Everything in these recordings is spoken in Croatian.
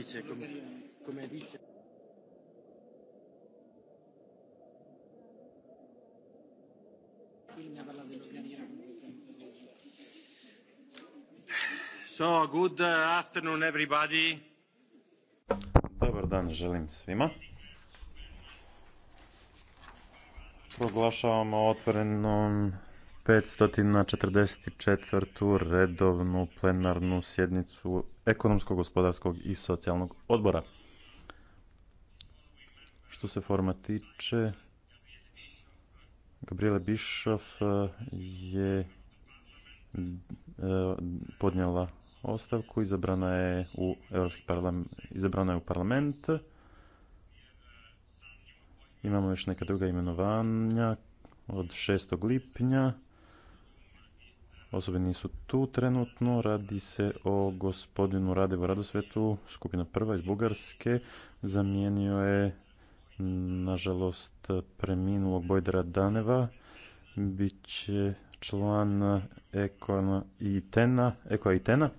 dice, come, come dice. So, good uh, afternoon everybody. Dobar dan želim svima. Proglašavamo otvorenom 544. redovnu plenarnu sjednicu ekonomskog, gospodarskog i socijalnog odbora. Što se forma tiče, Gabriela Bišov eh, je eh, podnijela ostavku, izabrana je u parlament, izabrana je u parlament. Imamo još neka druga imenovanja od 6. lipnja. Osobe nisu tu trenutno, radi se o gospodinu Radevo Radosvetu, skupina prva iz Bugarske. Zamijenio je, nažalost, preminulog Bojdera Daneva. Biće član Ekoa i Tena. Eko Tena.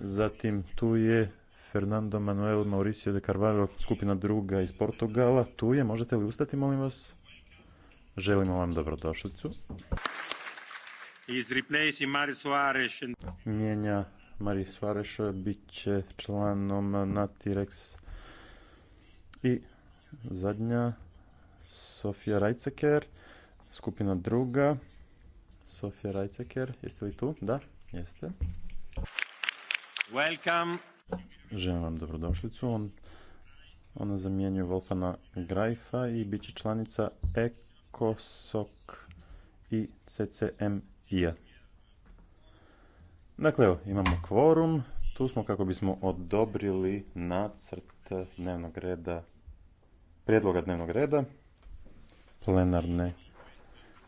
Zatim tu je Fernando Manuel Mauricio de Carvalho, skupina druga iz Portugala. Tu je, možete li ustati, molim vas? Želimo vam dobrodošlicu. Mijenja Mari Suareš, bit će članom Natirex. I zadnja, Sofija Rajceker, skupina druga. Sofija Rajceker, jeste li tu? Da, jeste. Welcome. Želim vam dobrodošlicu. On, ona zamjenjuje Wolfana Grajfa i bit će članica ECOSOC i CCM ja. Dakle, evo, imamo kvorum. Tu smo kako bismo odobrili nacrt dnevnog reda, prijedloga dnevnog reda, plenarne.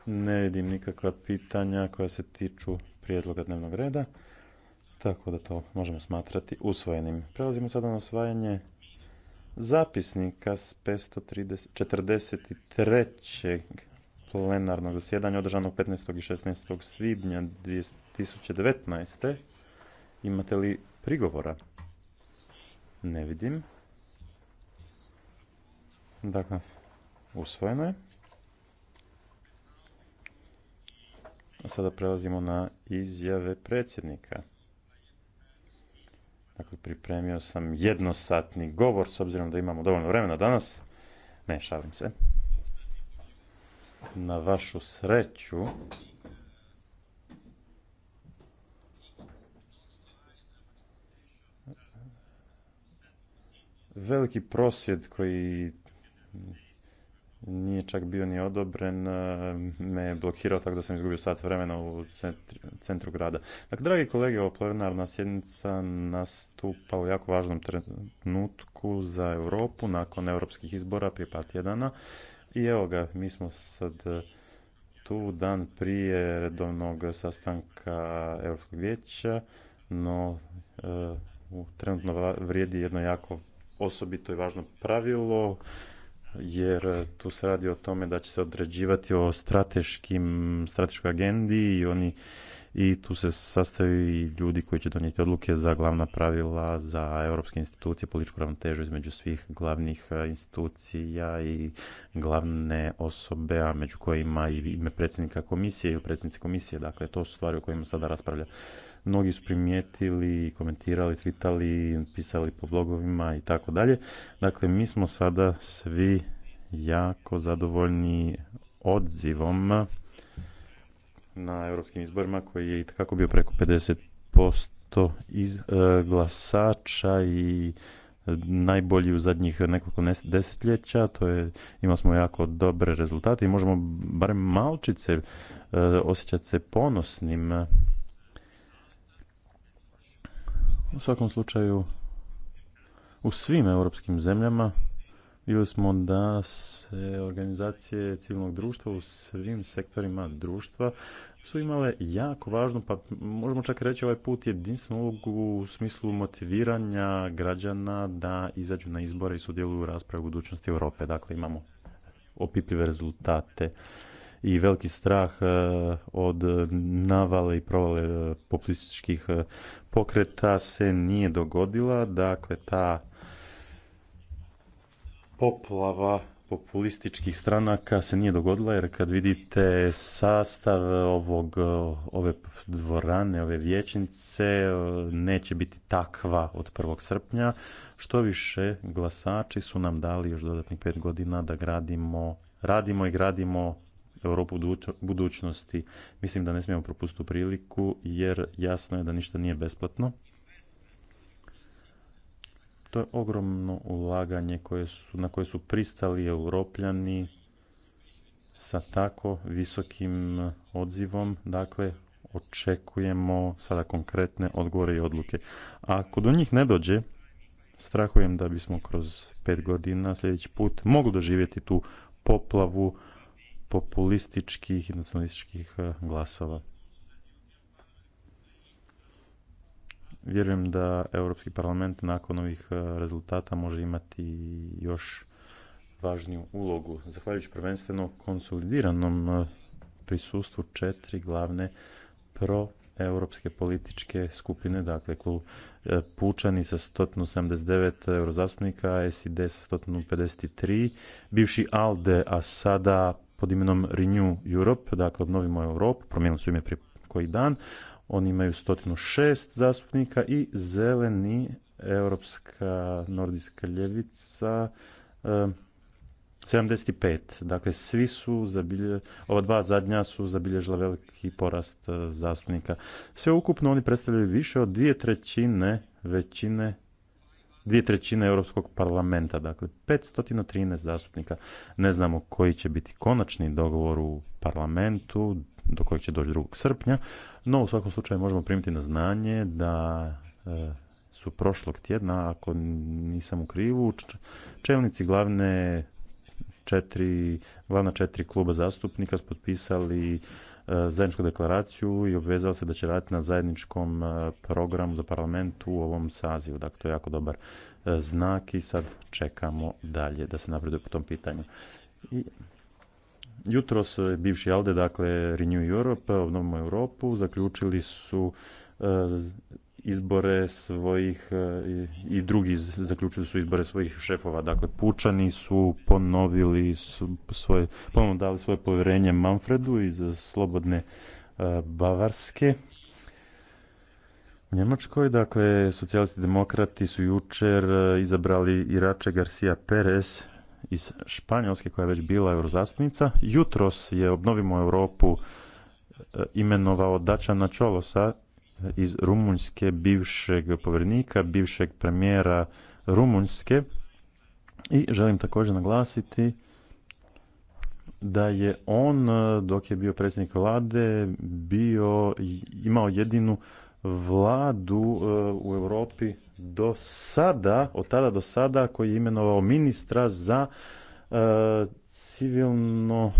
Ne vidim nikakva pitanja koja se tiču prijedloga dnevnog reda, tako da to možemo smatrati usvojenim. Prelazimo sada na usvajanje zapisnika s 543 plenarnog zasjedanja održanog 15. i 16. svibnja 2019. Imate li prigovora? Ne vidim. Dakle, usvojeno je. A sada prelazimo na izjave predsjednika. Dakle, pripremio sam jednosatni govor, s obzirom da imamo dovoljno vremena danas. Ne, šalim se na vašu sreću veliki prosvjed koji nije čak bio ni odobren, eh, me je blokirao tako da sam izgubio sat vremena u centru grada. Dakle, dragi kolege, ova plenarna sjednica nastupa u jako važnom trenutku za Europu nakon europskih izbora prije par tjedana. I evo ga, mi smo sad e, tu dan prije redovnog sastanka Europskog vijeća, no e, trenutno vrijedi jedno jako osobito i važno pravilo, jer e, tu se radi o tome da će se određivati o strateškim, strateškoj agendi i oni i tu se sastaju i ljudi koji će donijeti odluke za glavna pravila za europske institucije, političku ravnotežu između svih glavnih e, institucija i glavne osobe, a među kojima i ime predsjednika komisije ili predsjednice komisije. Dakle, to su stvari o kojima sada raspravlja. Mnogi su primijetili, komentirali, tvitali, pisali po blogovima i tako dalje. Dakle, mi smo sada svi jako zadovoljni odzivom na europskim izborima koji je i takako bio preko 50% iz, e, glasača i najbolji u zadnjih nekoliko desetljeća, to je, imali smo jako dobre rezultate i možemo barem malčice e, osjećati se ponosnim. U svakom slučaju, u svim europskim zemljama vidjeli smo da se organizacije civilnog društva u svim sektorima društva su imale jako važnu, pa možemo čak reći ovaj put jedinstvenu ulogu u smislu motiviranja građana da izađu na izbore i sudjeluju u raspravi budućnosti Europe. Dakle, imamo opipljive rezultate i veliki strah e, od navale i provale e, populističkih e, pokreta se nije dogodila. Dakle, ta poplava populističkih stranaka se nije dogodila jer kad vidite sastav ovog, ove dvorane, ove vječnice neće biti takva od 1. srpnja. Što više, glasači su nam dali još dodatnih pet godina da gradimo, radimo i gradimo Europu budućnosti. Mislim da ne smijemo propustiti priliku jer jasno je da ništa nije besplatno to je ogromno ulaganje koje su, na koje su pristali europljani sa tako visokim odzivom. Dakle, očekujemo sada konkretne odgovore i odluke. A ako do njih ne dođe, strahujem da bismo kroz pet godina sljedeći put mogli doživjeti tu poplavu populističkih i nacionalističkih e, glasova. vjerujem da Europski parlament nakon ovih e, rezultata može imati još važniju ulogu. Zahvaljujući prvenstveno konsolidiranom e, prisustvu četiri glavne pro europske političke skupine, dakle klub e, Pučani sa 179 eurozastupnika, SID sa 153, bivši ALDE, a sada pod imenom Renew Europe, dakle obnovimo Europu, promijenili su ime prije koji dan, oni imaju 106 zastupnika i zeleni Europska nordijska ljevica 75. Dakle, svi su zabilje... ova dva zadnja su zabilježila veliki porast eh, zastupnika. Sve ukupno oni predstavljaju više od dvije trećine većine dvije trećine Europskog parlamenta, dakle 513 zastupnika. Ne znamo koji će biti konačni dogovor u parlamentu, do kojeg će doći 2. srpnja. No, u svakom slučaju možemo primiti na znanje da e, su prošlog tjedna, ako nisam u krivu, čelnici glavne četiri, glavna četiri kluba zastupnika su potpisali e, zajedničku deklaraciju i obvezali se da će raditi na zajedničkom e, programu za parlament u ovom sazivu. Dakle, to je jako dobar znak i sad čekamo dalje da se napreduje po tom pitanju. I Jutros e, bivši Alde, dakle Renew Europe, obnovimo Europu, zaključili su e, izbore svojih e, i drugi zaključili su izbore svojih šefova. Dakle, pučani su ponovili svoje, ponovno dali svoje povjerenje Manfredu iz slobodne Bavarske. U Njemačkoj, dakle, socijalisti demokrati su jučer izabrali Irače Garcia Perez iz Španjolske koja je već bila eurozastupnica. Jutros je Obnovimo Europu e, imenovao Dačana Čolosa e, iz Rumunjske, bivšeg povjernika, bivšeg premijera Rumunjske. I želim također naglasiti da je on, e, dok je bio predsjednik vlade, bio, imao jedinu vladu u Europi do sada, od tada do sada, koji je imenovao ministra za e, civilno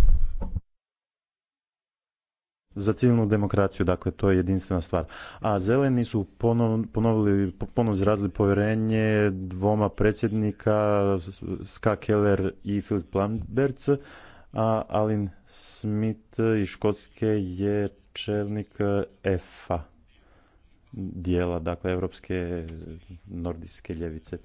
za civilnu demokraciju, dakle to je jedinstvena stvar. A zeleni su ponovili, ponovno izrazili povjerenje dvoma predsjednika, Ska Keller i Philip plamberc a Alin Smith iz Škotske je čelnik EFA dijela, dakle, evropske nordijske ljevice.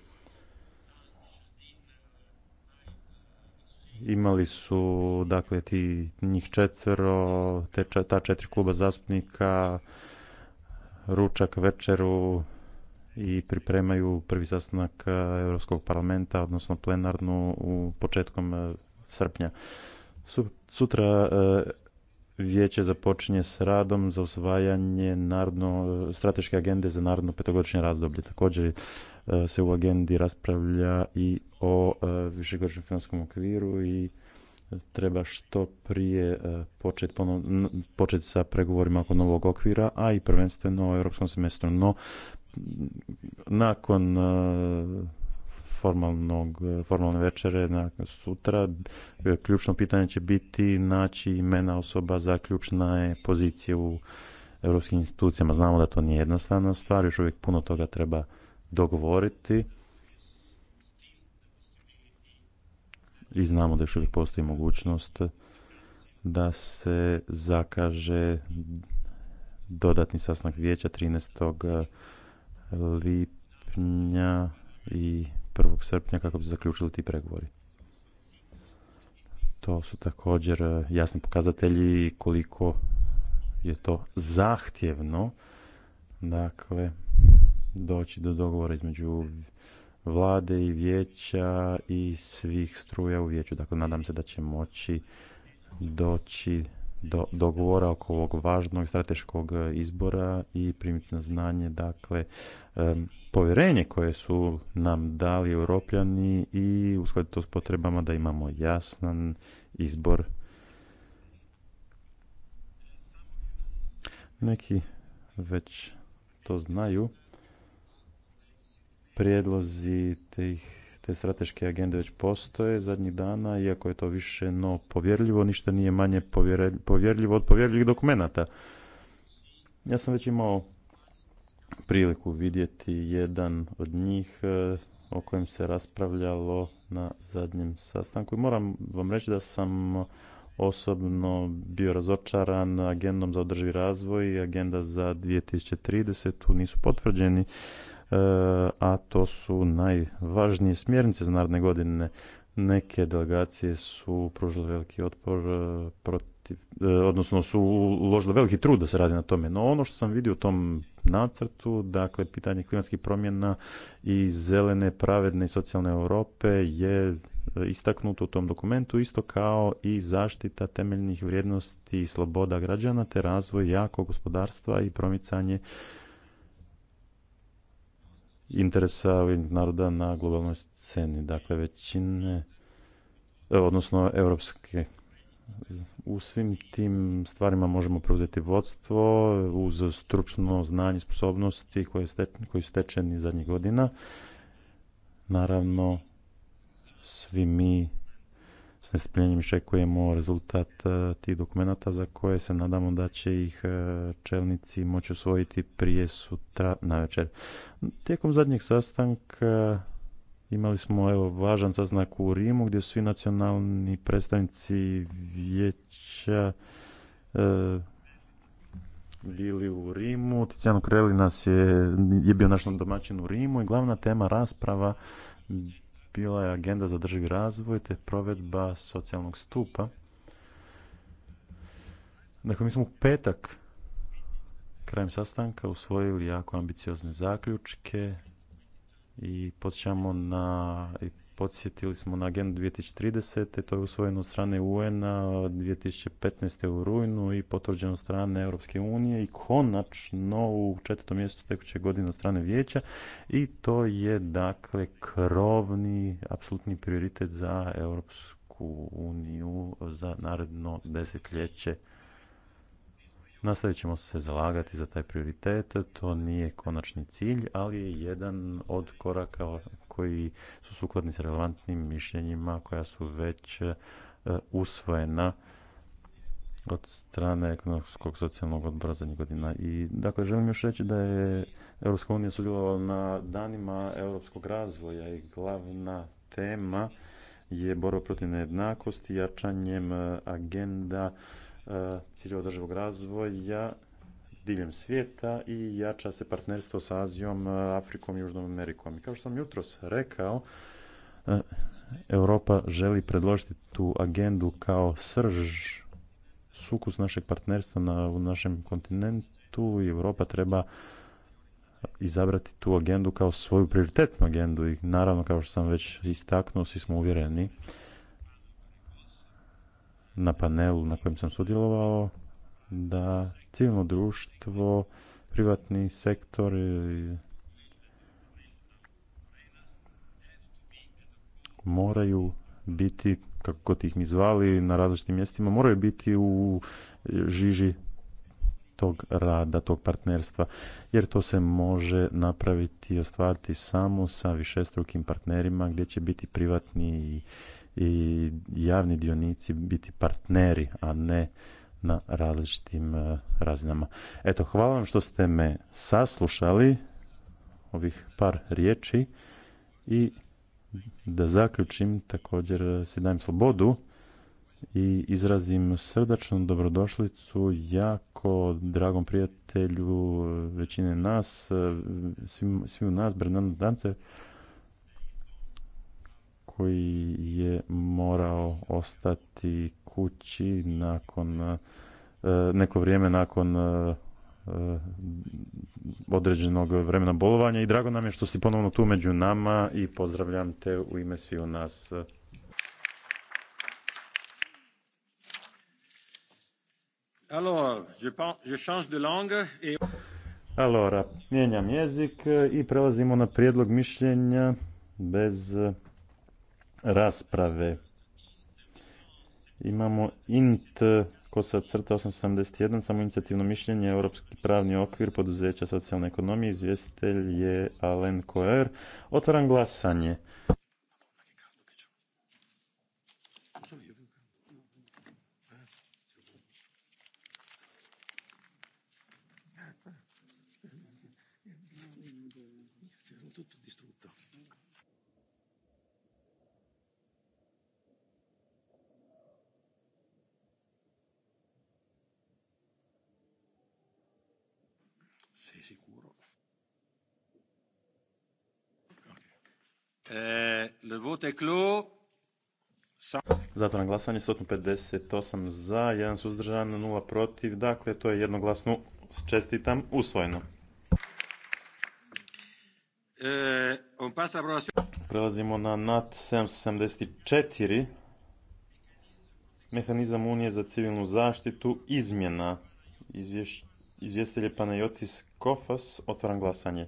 Imali su, dakle, ti njih četvero, te, ta četiri kluba zastupnika, ručak, večeru i pripremaju prvi sastanak e, Europskog parlamenta, odnosno plenarnu u početkom e, srpnja. Sutra e, vijeće započinje s radom za usvajanje narodno, strateške agende za narodno petogodišnje razdoblje. Također e, se u agendi raspravlja i o e, višegodišnjem finanskom okviru i treba što prije e, početi sa pregovorima oko novog okvira, a i prvenstveno o europskom semestru. No, nakon formalnog, e, formalne večere na sutra. E, ključno pitanje će biti naći imena osoba za je pozicije u europskim institucijama. Znamo da to nije jednostavna stvar, još uvijek puno toga treba dogovoriti. I znamo da još uvijek postoji mogućnost da se zakaže dodatni sastanak vijeća 13. lipnja i 1. srpnja kako bi zaključili ti pregovori. To su također e, jasni pokazatelji koliko je to zahtjevno dakle doći do dogovora između vlade i vijeća i svih struja u vijeću. Dakle, nadam se da će moći doći dogovora oko ovog važnog strateškog e, izbora i primiti na znanje dakle e, povjerenje koje su nam dali europljani i uskladiti to s potrebama da imamo jasan izbor. Neki već to znaju. Prijedlozi tih te strateške agende već postoje zadnjih dana, iako je to više no povjerljivo, ništa nije manje povjerljivo od povjerljivih dokumenata. Ja sam već imao priliku vidjeti jedan od njih e, o kojem se raspravljalo na zadnjem sastanku. I moram vam reći da sam osobno bio razočaran agendom za održivi razvoj i agenda za 2030. Tu nisu potvrđeni E, a to su najvažnije smjernice za narodne godine. Neke delegacije su pružile veliki otpor e, protiv, e, odnosno su uložile veliki trud da se radi na tome. No ono što sam vidio u tom nacrtu, dakle pitanje klimatskih promjena i zelene, pravedne i socijalne Europe je istaknuto u tom dokumentu, isto kao i zaštita temeljnih vrijednosti i sloboda građana te razvoj jakog gospodarstva i promicanje interesa naroda na globalnoj sceni. Dakle, većine, e, odnosno evropske. u svim tim stvarima možemo preuzeti vodstvo uz stručno znanje, sposobnosti koje, koji su stečeni zadnjih godina. Naravno, svi mi s nestrpljenjem iščekujemo rezultat e, tih dokumenata za koje se nadamo da će ih e, čelnici moći usvojiti prije sutra večer. Tijekom zadnjeg sastanka e, imali smo evo važan sastanak u Rimu gdje su svi nacionalni predstavnici vijeća e, bili u Rimu. Tiziano Kreli nas je, bio naš domaćin u Rimu i glavna tema rasprava bila je agenda za održivi razvoj te provedba socijalnog stupa. Dakle, mi smo u petak krajem sastanka usvojili jako ambiciozne zaključke i podsjećamo na podsjetili smo na agendu 2030. To je usvojeno od strane UN-a 2015. u rujnu i potvrđeno od strane Europske unije i konačno u četvrtom mjestu tekuće godine od strane vijeća i to je dakle krovni, apsolutni prioritet za Europsku uniju za naredno desetljeće. Nastavit ćemo se zalagati za taj prioritet, to nije konačni cilj, ali je jedan od koraka koji su sukladni sa relevantnim mišljenjima koja su već e, usvojena od strane ekonomskog socijalnog odbora zadnjih godina. I dakle, želim još reći da je Europska unija sudjelovala na danima europskog razvoja i glavna tema je borba protiv nejednakosti, jačanjem e, agenda e, ciljeva održivog razvoja diljem svijeta i jača se partnerstvo sa Azijom, e, Afrikom i Južnom Amerikom. I kao što sam jutros rekao, e, Europa želi predložiti tu agendu kao srž sukus našeg partnerstva na, u našem kontinentu i Europa treba izabrati tu agendu kao svoju prioritetnu agendu i naravno kao što sam već istaknuo svi smo uvjereni na panelu na kojem sam sudjelovao da civilno društvo, privatni sektor moraju biti, kako god ih mi zvali, na različitim mjestima, moraju biti u žiži tog rada, tog partnerstva, jer to se može napraviti i ostvariti samo sa višestrukim partnerima gdje će biti privatni i, i javni dionici biti partneri, a ne na različitim e, razinama. Eto, hvala vam što ste me saslušali ovih par riječi i da zaključim također se dajem slobodu i izrazim srdačnu dobrodošlicu jako dragom prijatelju e, većine nas, e, svim u nas, Bernardo Dancer, koji je morao ostati kući nakon e, neko vrijeme nakon e, e, određenog vremena bolovanja i drago nam je što si ponovno tu među nama i pozdravljam te u ime u nas. Alors, Alora, mijenjam jezik i prelazimo na prijedlog mišljenja bez rasprave. Imamo int ko sa crta 871, samo inicijativno mišljenje, Europski pravni okvir poduzeća socijalne ekonomije, izvjestitelj je Alen Koer. Otvaram glasanje. Sei sicuro? Eh, le vote est clos. na glasanje, 158 za, 1 suzdržan, 0 protiv, dakle to je jednoglasno, čestitam, usvojeno. Eh, Prelazimo na NAT 774, mehanizam Unije za civilnu zaštitu, izmjena izvješća Izvjestitelj je Panajotis Kofas. Otvaram glasanje.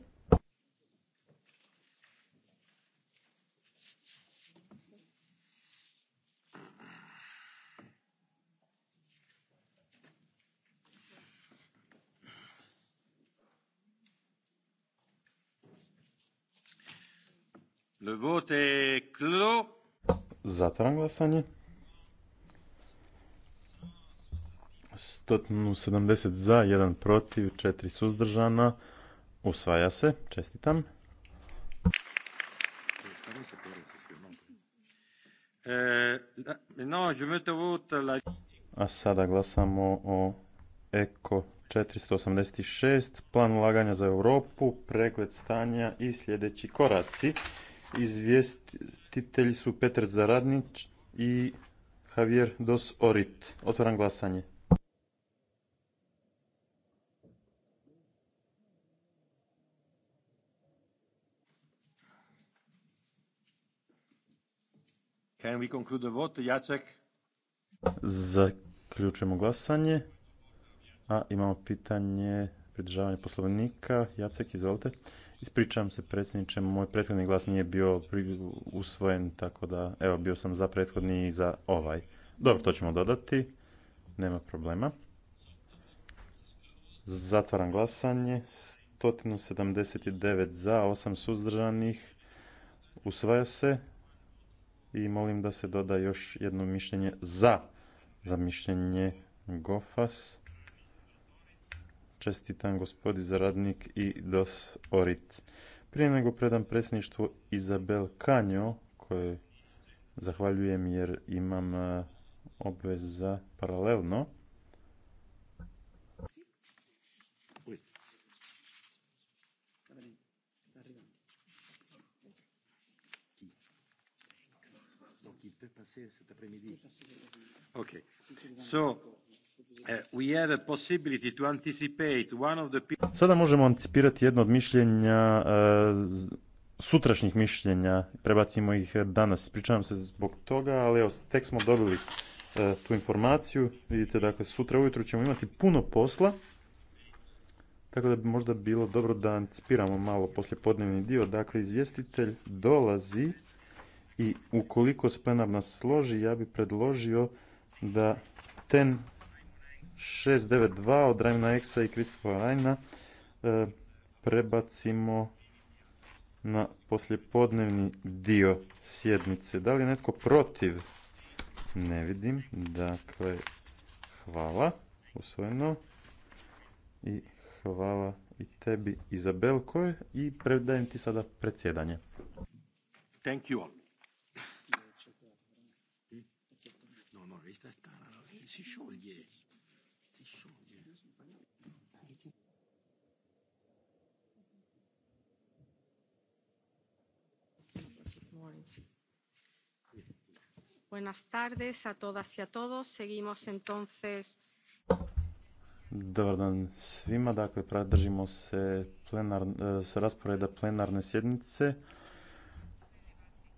Le vote est clos. Zatvaram glasanje. 170 za, 1 protiv, 4 suzdržana. Usvaja se. Čestitam. A sada glasamo o Eko 486, plan ulaganja za Europu, pregled stanja i sljedeći koraci. Izvjestitelji su Petar Zaradnić i Javier Dos Orit. Otvaram glasanje. Zaključujemo glasanje. A imamo pitanje pridržavanja poslovnika. Jacek, izvolite. Ispričavam se predsjedniče, moj prethodni glas nije bio usvojen, tako da evo bio sam za prethodni i za ovaj. Dobro, to ćemo dodati. Nema problema. Zatvaram glasanje. 179 za, 8 suzdržanih. Usvaja se i molim da se doda još jedno mišljenje za, za mišljenje GOFAS. Čestitam gospodi zaradnik i dos orit. Prije nego predam predsjedništvo Izabel Kanjo, koje zahvaljujem jer imam eh, obveza paralelno. Sada možemo anticipirati jedno od mišljenja sutrašnjih mišljenja, prebacimo ih danas. Pričavam se zbog toga, ali evo, tek smo dobili tu informaciju. Vidite, dakle, sutra ujutro ćemo imati puno posla. Tako da bi možda bilo dobro da anticipiramo malo poslijepodnevni dio. Dakle, izvjestitelj dolazi i ukoliko se nas složi, ja bih predložio da ten 692 od Rajna Eksa i Kristofa Rajna e, prebacimo na poslijepodnevni dio sjednice. Da li je netko protiv? Ne vidim. Dakle, hvala. Usvojeno. I hvala i tebi, Izabelko, i predajem ti sada predsjedanje. Thank you si, scioglie. Si scioglie. Buenas tardes a todas y a todos. Seguimos entonces. Dobar dan svima. Dakle, pradržimo se plenar, eh, s rasporeda plenarne sjednice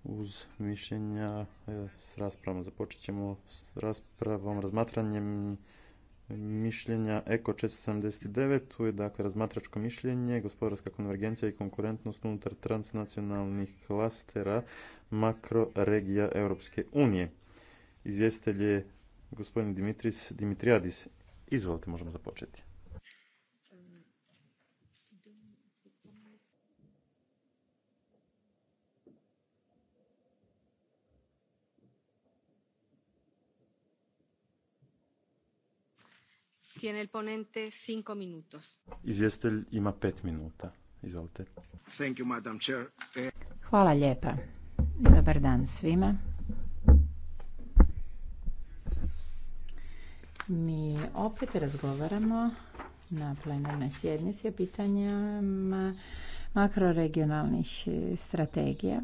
uz mišljenja e, s raspravom. Započet ćemo s raspravom, razmatranjem mišljenja EKO 479. Tu je dakle razmatračko mišljenje, gospodarska konvergencija i konkurentnost unutar transnacionalnih klastera makroregija Europske unije. Izvjestitelj je gospodin Dimitris Dimitriadis. Izvolite, možemo započeti. Tiene el ponente cinco minutos. Izvjestelj ima pet minuta. Izvolite. Thank you, Madam Chair. Hvala lijepa. Dobar dan svima. Mi opet razgovaramo na plenarnoj sjednici o pitanjama makroregionalnih strategija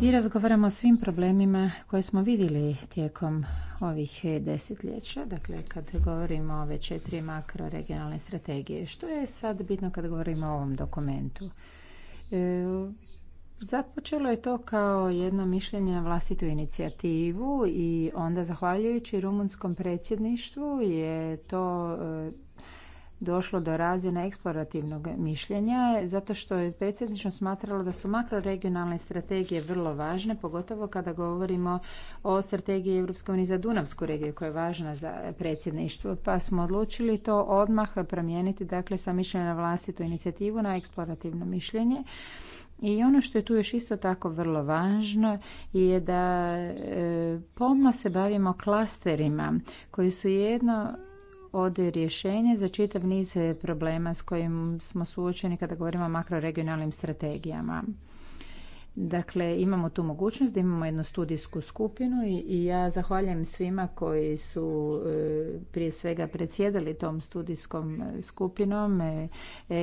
i razgovaramo o svim problemima koje smo vidjeli tijekom ovih desetljeća, dakle kad govorimo o ove četiri makroregionalne strategije. Što je sad bitno kad govorimo o ovom dokumentu? E, započelo je to kao jedno mišljenje na vlastitu inicijativu i onda zahvaljujući rumunskom predsjedništvu je to e, došlo do razine eksplorativnog mišljenja zato što je predsjednično smatralo da su makroregionalne strategije vrlo važne, pogotovo kada govorimo o strategiji Europske unije za Dunavsku regiju koja je važna za predsjedništvo. Pa smo odlučili to odmah promijeniti dakle, sa mišljenja na vlastitu inicijativu na eksplorativno mišljenje. I ono što je tu još isto tako vrlo važno je da e, pomno se bavimo klasterima koji su jedno od rješenje za čitav niz problema s kojim smo suočeni kada govorimo o makroregionalnim strategijama. Dakle, imamo tu mogućnost da imamo jednu studijsku skupinu i ja zahvaljujem svima koji su e, prije svega predsjedali tom studijskom e, skupinom. E,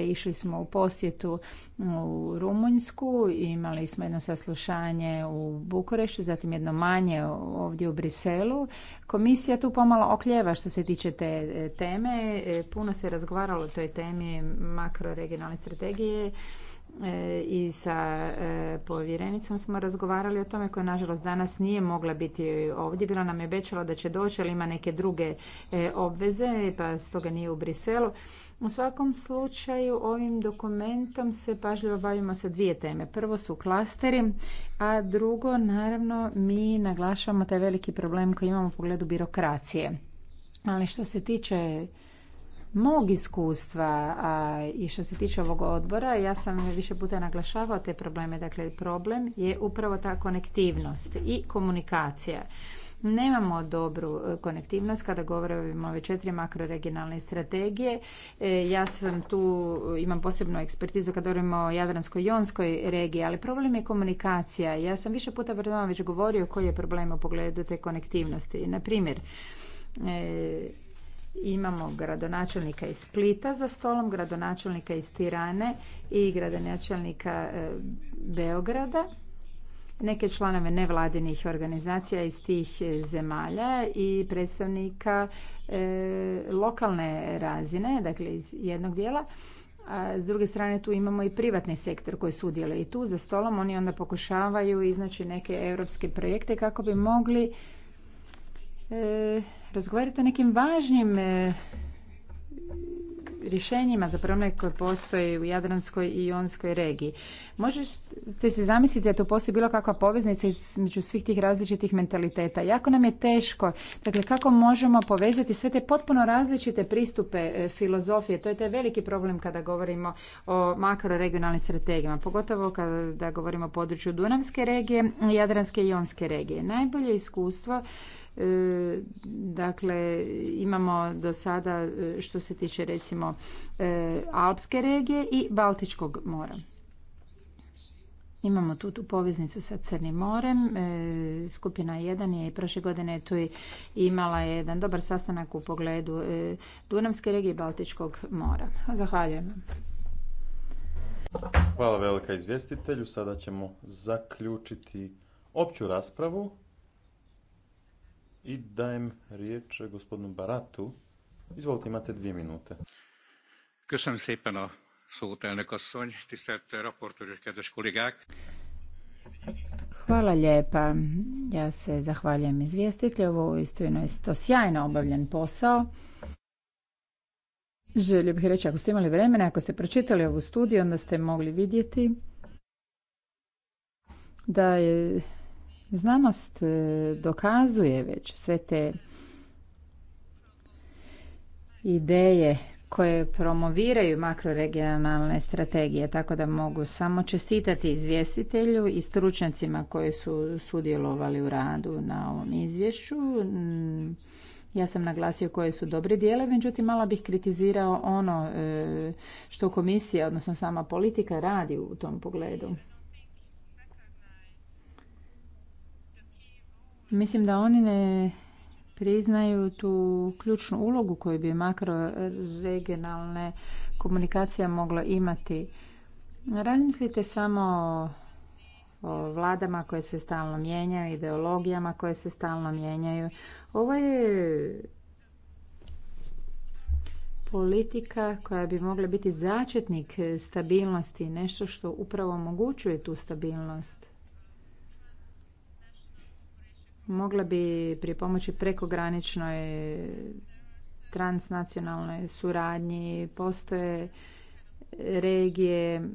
išli smo u posjetu u Rumunjsku, imali smo jedno saslušanje u Bukureštu, zatim jedno manje ovdje u Briselu. Komisija tu pomalo okljeva što se tiče te teme. Puno se razgovaralo o toj temi makroregionalne strategije E, i sa e, povjerenicom smo razgovarali o tome koja nažalost danas nije mogla biti ovdje. Bila nam je obećala da će doći, ali ima neke druge e, obveze pa stoga nije u Briselu. U svakom slučaju ovim dokumentom se pažljivo bavimo sa dvije teme. Prvo su klasteri, a drugo naravno mi naglašavamo taj veliki problem koji imamo u pogledu birokracije. Ali što se tiče mog iskustva i što se tiče ovog odbora, ja sam više puta naglašavao te probleme. Dakle, problem je upravo ta konektivnost i komunikacija. Nemamo dobru e, konektivnost kada govorimo o ove četiri makroregionalne strategije. E, ja sam tu, imam posebnu ekspertizu kada govorimo o Jadransko-Jonskoj regiji, ali problem je komunikacija. Ja sam više puta već govorio koji je problem u pogledu te konektivnosti. Na primjer, e, Imamo gradonačelnika iz Splita za stolom, gradonačelnika iz Tirane i gradonačelnika e, Beograda neke članove nevladinih organizacija iz tih e, zemalja i predstavnika e, lokalne razine, dakle iz jednog dijela. A s druge strane tu imamo i privatni sektor koji sudjeluje i tu za stolom oni onda pokušavaju iznaći neke europske projekte kako bi mogli E, razgovarati o nekim važnim e, rješenjima za problem koje postoji u Jadranskoj i Jonskoj regiji. Možete se zamisliti da tu postoji bilo kakva poveznica između svih tih različitih mentaliteta. Jako nam je teško. Dakle, kako možemo povezati sve te potpuno različite pristupe e, filozofije? To je taj veliki problem kada govorimo o makroregionalnim strategijama, pogotovo kada govorimo o području Dunavske regije, Jadranske i Jonske regije. Najbolje iskustvo Dakle, imamo do sada e, što se tiče recimo e, Alpske regije i Baltičkog mora. Imamo tu tu poveznicu sa Crnim morem. E, skupina 1 je i prošle godine tu imala jedan dobar sastanak u pogledu Dunavske regije i Baltičkog mora. Zahvaljujem. Hvala velika izvjestitelju. Sada ćemo zaključiti opću raspravu i dajem riječ gospodinu Baratu. Izvolite, imate dvije minute. Köszönöm szépen a szót, elnök asszony, tisztelt raportőr és kedves Hvala lijepa. Ja se zahvaljujem izvjestitelju. Ovo istojno je to sjajno obavljen posao. Želio bih reći, ako ste imali vremena, ako ste pročitali ovu studiju, onda ste mogli vidjeti da je Znanost e, dokazuje već sve te ideje koje promoviraju makroregionalne strategije, tako da mogu samo čestitati izvjestitelju i stručnjacima koji su sudjelovali u radu na ovom izvješću. Mm, ja sam naglasio koje su dobre dijele, međutim malo bih kritizirao ono e, što komisija, odnosno sama politika radi u tom pogledu. Mislim da oni ne priznaju tu ključnu ulogu koju bi makroregionalne komunikacija mogla imati. Razmislite samo o vladama koje se stalno mijenjaju, ideologijama koje se stalno mijenjaju. Ovo je politika koja bi mogla biti začetnik stabilnosti, nešto što upravo omogućuje tu stabilnost mogla bi pripomoći prekograničnoj transnacionalnoj suradnji. Postoje regije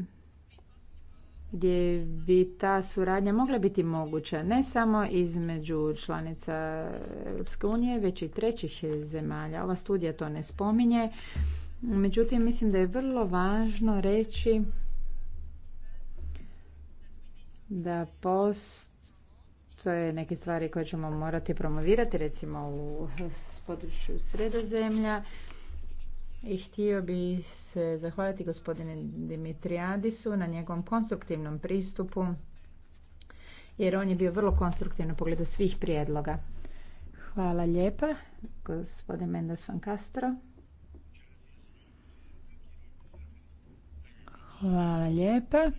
gdje bi ta suradnja mogla biti moguća ne samo između članica Europske unije, već i trećih zemalja. Ova studija to ne spominje. Međutim, mislim da je vrlo važno reći da postoje postoje neke stvari koje ćemo morati promovirati, recimo u području sredozemlja. I htio bi se zahvaliti gospodine Dimitriadisu na njegovom konstruktivnom pristupu, jer on je bio vrlo konstruktivno pogledu svih prijedloga. Hvala lijepa, gospodin Mendes van Castro. Hvala lijepa.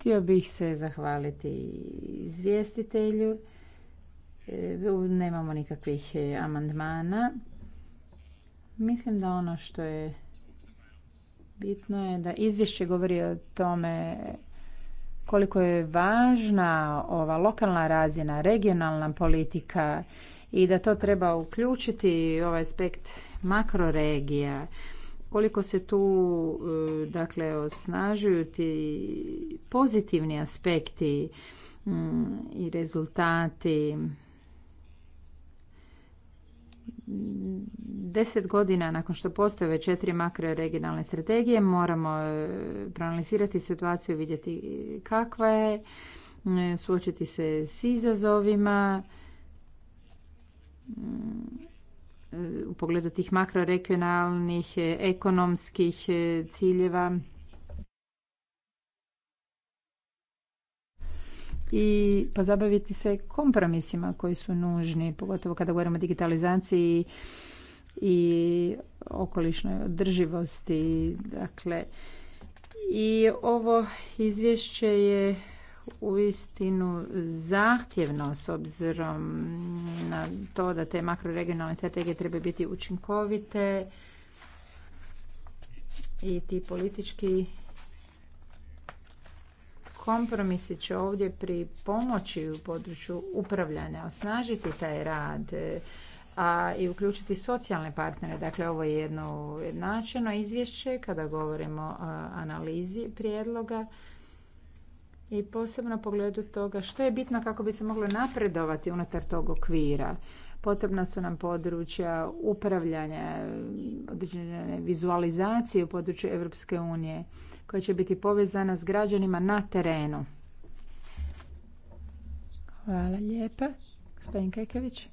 Htio bih se zahvaliti izvjestitelju. E, nemamo nikakvih e, amandmana. Mislim da ono što je bitno je da izvješće govori o tome koliko je važna ova lokalna razina, regionalna politika i da to treba uključiti ovaj aspekt makroregija koliko se tu e, dakle osnažuju ti pozitivni aspekti mm, i rezultati deset godina nakon što postoje već četiri makroregionalne strategije moramo e, proanalizirati situaciju, vidjeti kakva je, mm, suočiti se s izazovima mm, u pogledu tih makroregionalnih e, ekonomskih e, ciljeva i pozabaviti se kompromisima koji su nužni, pogotovo kada govorimo o digitalizaciji i okolišnoj održivosti. Dakle, i ovo izvješće je uistinu zahtjevno s obzirom na to da te makroregionalne strategije treba biti učinkovite i ti politički kompromisi će ovdje pri pomoći u području upravljanja osnažiti taj rad a i uključiti socijalne partnere. Dakle, ovo je jedno jednačeno izvješće kada govorimo o analizi prijedloga i posebno u pogledu toga što je bitno kako bi se moglo napredovati unutar tog okvira. Potrebna su nam područja upravljanja, određene vizualizacije u području Europske unije koja će biti povezana s građanima na terenu. Hvala lijepa. Gospodin Kekević.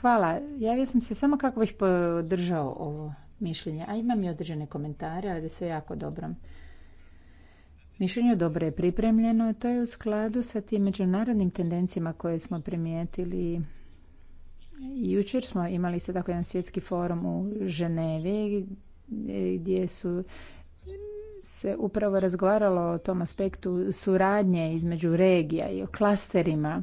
Hvala. Javio sam se samo kako bih podržao ovo mišljenje, a imam i određene komentare, ali da sve jako dobro mišljenju dobro je pripremljeno to je u skladu sa tim međunarodnim tendencijama koje smo primijetili Jučer smo imali se tako jedan svjetski forum u Ženevi gdje su se upravo razgovaralo o tom aspektu suradnje između regija i o klasterima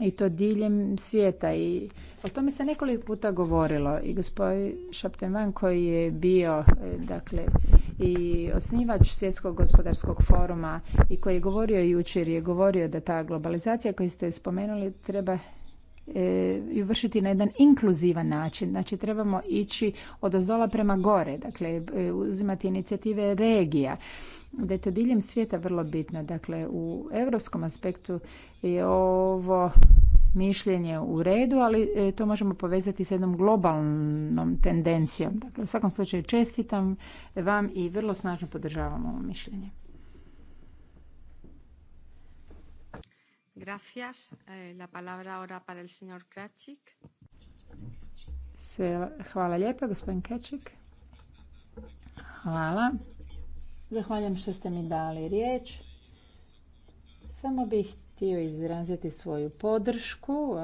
i to diljem svijeta i o tome se nekoliko puta govorilo i gospodin Šaptenvan koji je bio e, dakle i osnivač Svjetskog gospodarskog foruma i koji je govorio jučer je govorio da ta globalizacija koju ste spomenuli treba i e, vršiti na jedan inkluzivan način. Znači trebamo ići od ozdola prema gore, dakle e, uzimati inicijative regija. Da je to diljem svijeta vrlo bitno. Dakle, u europskom aspektu je ovo mišljenje u redu, ali e, to možemo povezati s jednom globalnom tendencijom. Dakle, u svakom slučaju čestitam vam i vrlo snažno podržavamo ovo mišljenje. Gracias. Eh, la palabra para el señor Kračik. Hvala lijepa, gospodin Kečik. Hvala. Zahvaljujem što ste mi dali riječ. Samo bih htio izraziti svoju podršku.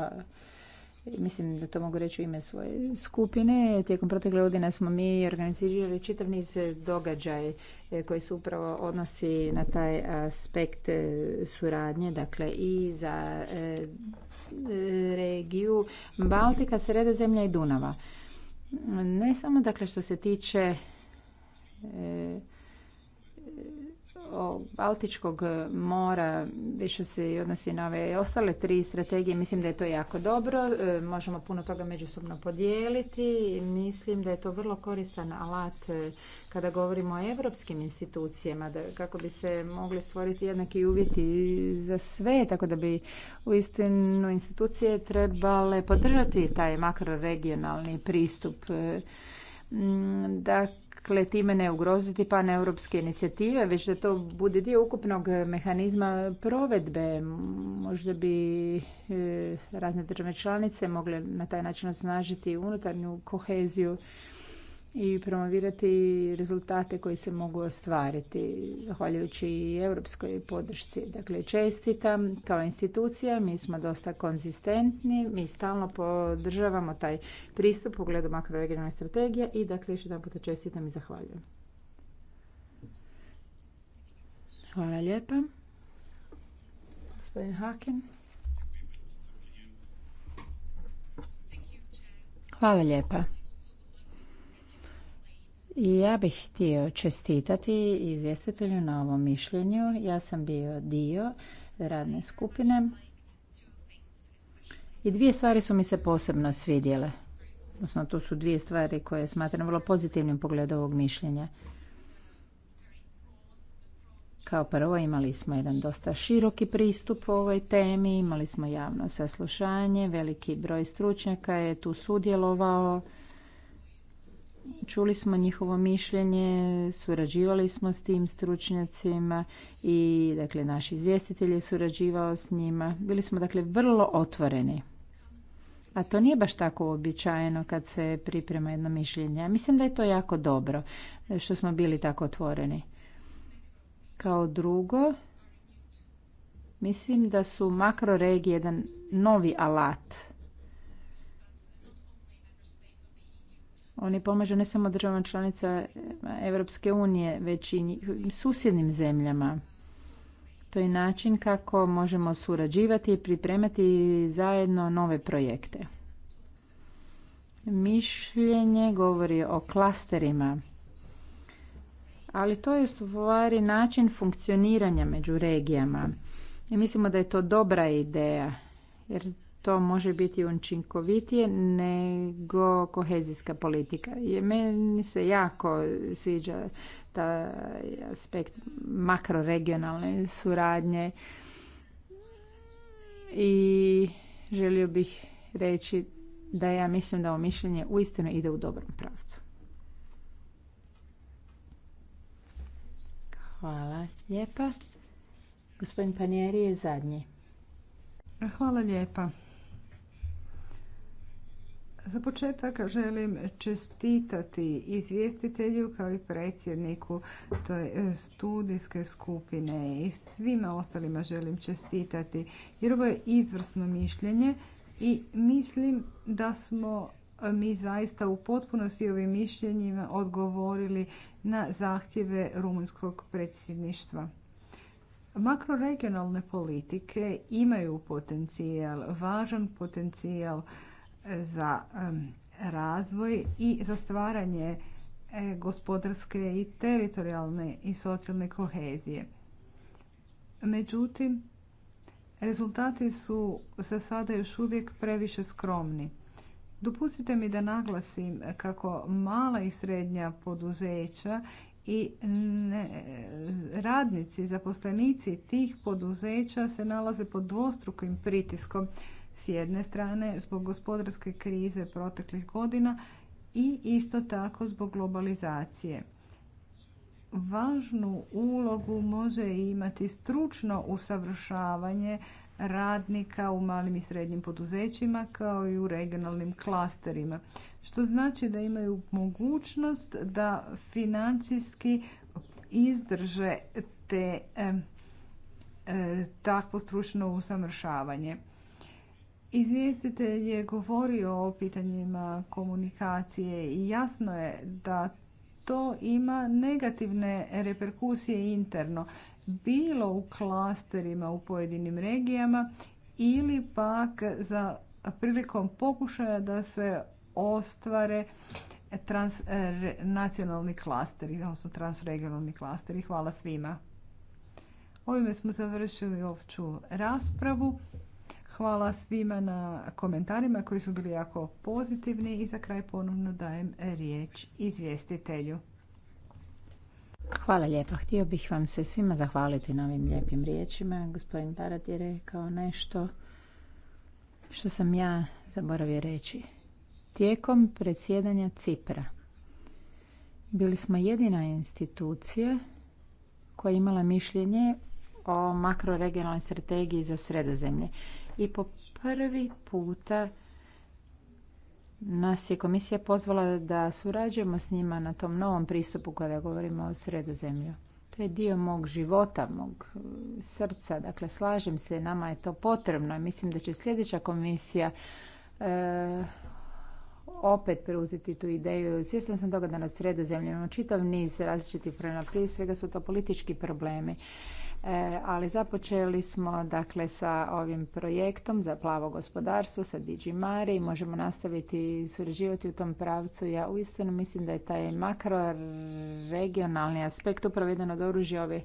Mislim da to mogu reći u ime svoje skupine. Tijekom protekle godine smo mi organizirali čitav niz događaj e, koji se upravo odnosi na taj aspekt e, suradnje, dakle i za e, regiju Baltika, Sredozemlja i Dunava. Ne samo dakle što se tiče Baltičkog mora više se i odnosi na ove ostale tri strategije. Mislim da je to jako dobro. E, možemo puno toga međusobno podijeliti. Mislim da je to vrlo koristan alat e, kada govorimo o europskim institucijama da, kako bi se mogli stvoriti jednaki uvjeti za sve tako da bi uistinu institucije trebale podržati taj makroregionalni pristup. Dakle, dakle time ne ugroziti paneuropske inicijative, već da to bude dio ukupnog mehanizma provedbe. Možda bi e, razne države članice mogle na taj način osnažiti unutarnju koheziju i promovirati rezultate koji se mogu ostvariti zahvaljujući i europskoj podršci. Dakle, čestitam kao institucija, mi smo dosta konzistentni, mi stalno podržavamo taj pristup u gledu makroregionalne strategije i dakle još jedan puta čestitam i zahvaljujem. Hvala lijepa. Gospodin Haken. Hvala lijepa ja bih htio čestitati izvjestitelju na ovom mišljenju. Ja sam bio dio radne skupine. I dvije stvari su mi se posebno svidjele. Odnosno, to su dvije stvari koje smatram vrlo pozitivnim pogledom ovog mišljenja. Kao prvo imali smo jedan dosta široki pristup u ovoj temi, imali smo javno saslušanje, veliki broj stručnjaka je tu sudjelovao Čuli smo njihovo mišljenje, surađivali smo s tim stručnjacima i dakle naš izvjestitelj je surađivao s njima. Bili smo dakle vrlo otvoreni. A to nije baš tako uobičajeno kad se priprema jedno mišljenje. mislim da je to jako dobro e, što smo bili tako otvoreni. Kao drugo, mislim da su makroregije jedan novi alat Oni pomažu ne samo državama članica Europske unije, već i susjednim zemljama. To je način kako možemo surađivati i pripremati zajedno nove projekte. Mišljenje govori o klasterima, ali to je u način funkcioniranja među regijama. I mislimo da je to dobra ideja, jer to može biti učinkovitije nego kohezijska politika. I meni se jako sviđa ta aspekt makroregionalne suradnje i želio bih reći da ja mislim da ovo mišljenje uistinu ide u dobrom pravcu. Hvala lijepa. Gospodin Panjeri je zadnji. Hvala lijepa. Za početak želim čestitati izvjestitelju kao i predsjedniku toj e, studijske skupine i svima ostalima želim čestitati jer ovo je izvrsno mišljenje i mislim da smo e, mi zaista u potpunosti ovim mišljenjima odgovorili na zahtjeve rumunjskog predsjedništva. Makroregionalne politike imaju potencijal, važan potencijal za razvoj i za stvaranje e, gospodarske i teritorijalne i socijalne kohezije. Međutim, rezultati su za sada još uvijek previše skromni. Dopustite mi da naglasim kako mala i srednja poduzeća i radnici, zaposlenici tih poduzeća se nalaze pod dvostrukim pritiskom s jedne strane zbog gospodarske krize proteklih godina i isto tako zbog globalizacije. Važnu ulogu može imati stručno usavršavanje radnika u malim i srednjim poduzećima kao i u regionalnim klasterima, što znači da imaju mogućnost da financijski izdrže te e, takvo stručno usavršavanje. Izvjestitelj je govorio o pitanjima komunikacije i jasno je da to ima negativne reperkusije interno, bilo u klasterima u pojedinim regijama ili pak za prilikom pokušaja da se ostvare transnacionalni klasteri, odnosno transregionalni klasteri. Hvala svima. Ovime smo završili opću raspravu. Hvala svima na komentarima koji su bili jako pozitivni i za kraj ponovno dajem riječ izvjestitelju. Hvala lijepa. Htio bih vam se svima zahvaliti na ovim lijepim riječima. Gospodin Barat je rekao nešto što sam ja zaboravio reći. Tijekom predsjedanja Cipra bili smo jedina institucija koja je imala mišljenje o makroregionalnoj strategiji za sredozemlje i po prvi puta nas je komisija pozvala da surađujemo s njima na tom novom pristupu kada govorimo o sredozemlju. To je dio mog života, mog e, srca. Dakle, slažem se, nama je to potrebno. Mislim da će sljedeća komisija e, opet preuzeti tu ideju. Svjesna sam toga da na sredozemlju imamo čitav niz različitih problema. Prije svega su to politički problemi. E, ali započeli smo dakle sa ovim projektom za plavo gospodarstvo sa mare i možemo nastaviti surađivati u tom pravcu. Ja uistinu mislim da je taj makroregionalni aspekt upravo jedan od oružja ove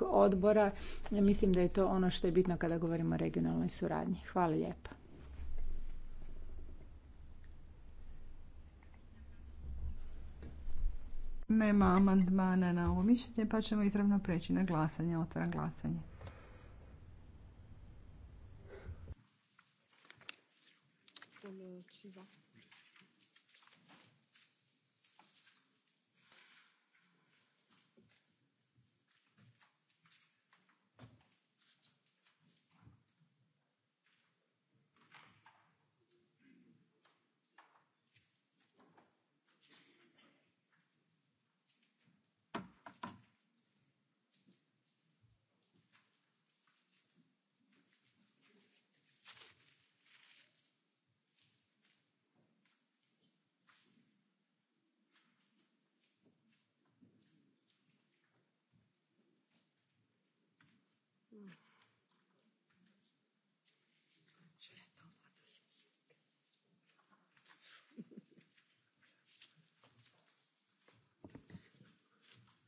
odbora. Mislim da je to ono što je bitno kada govorimo o regionalnoj suradnji. Hvala lijepa. Nema amandmana na ovo mišljenje pa ćemo izravno preći na glasanje. Otvaram glasanje.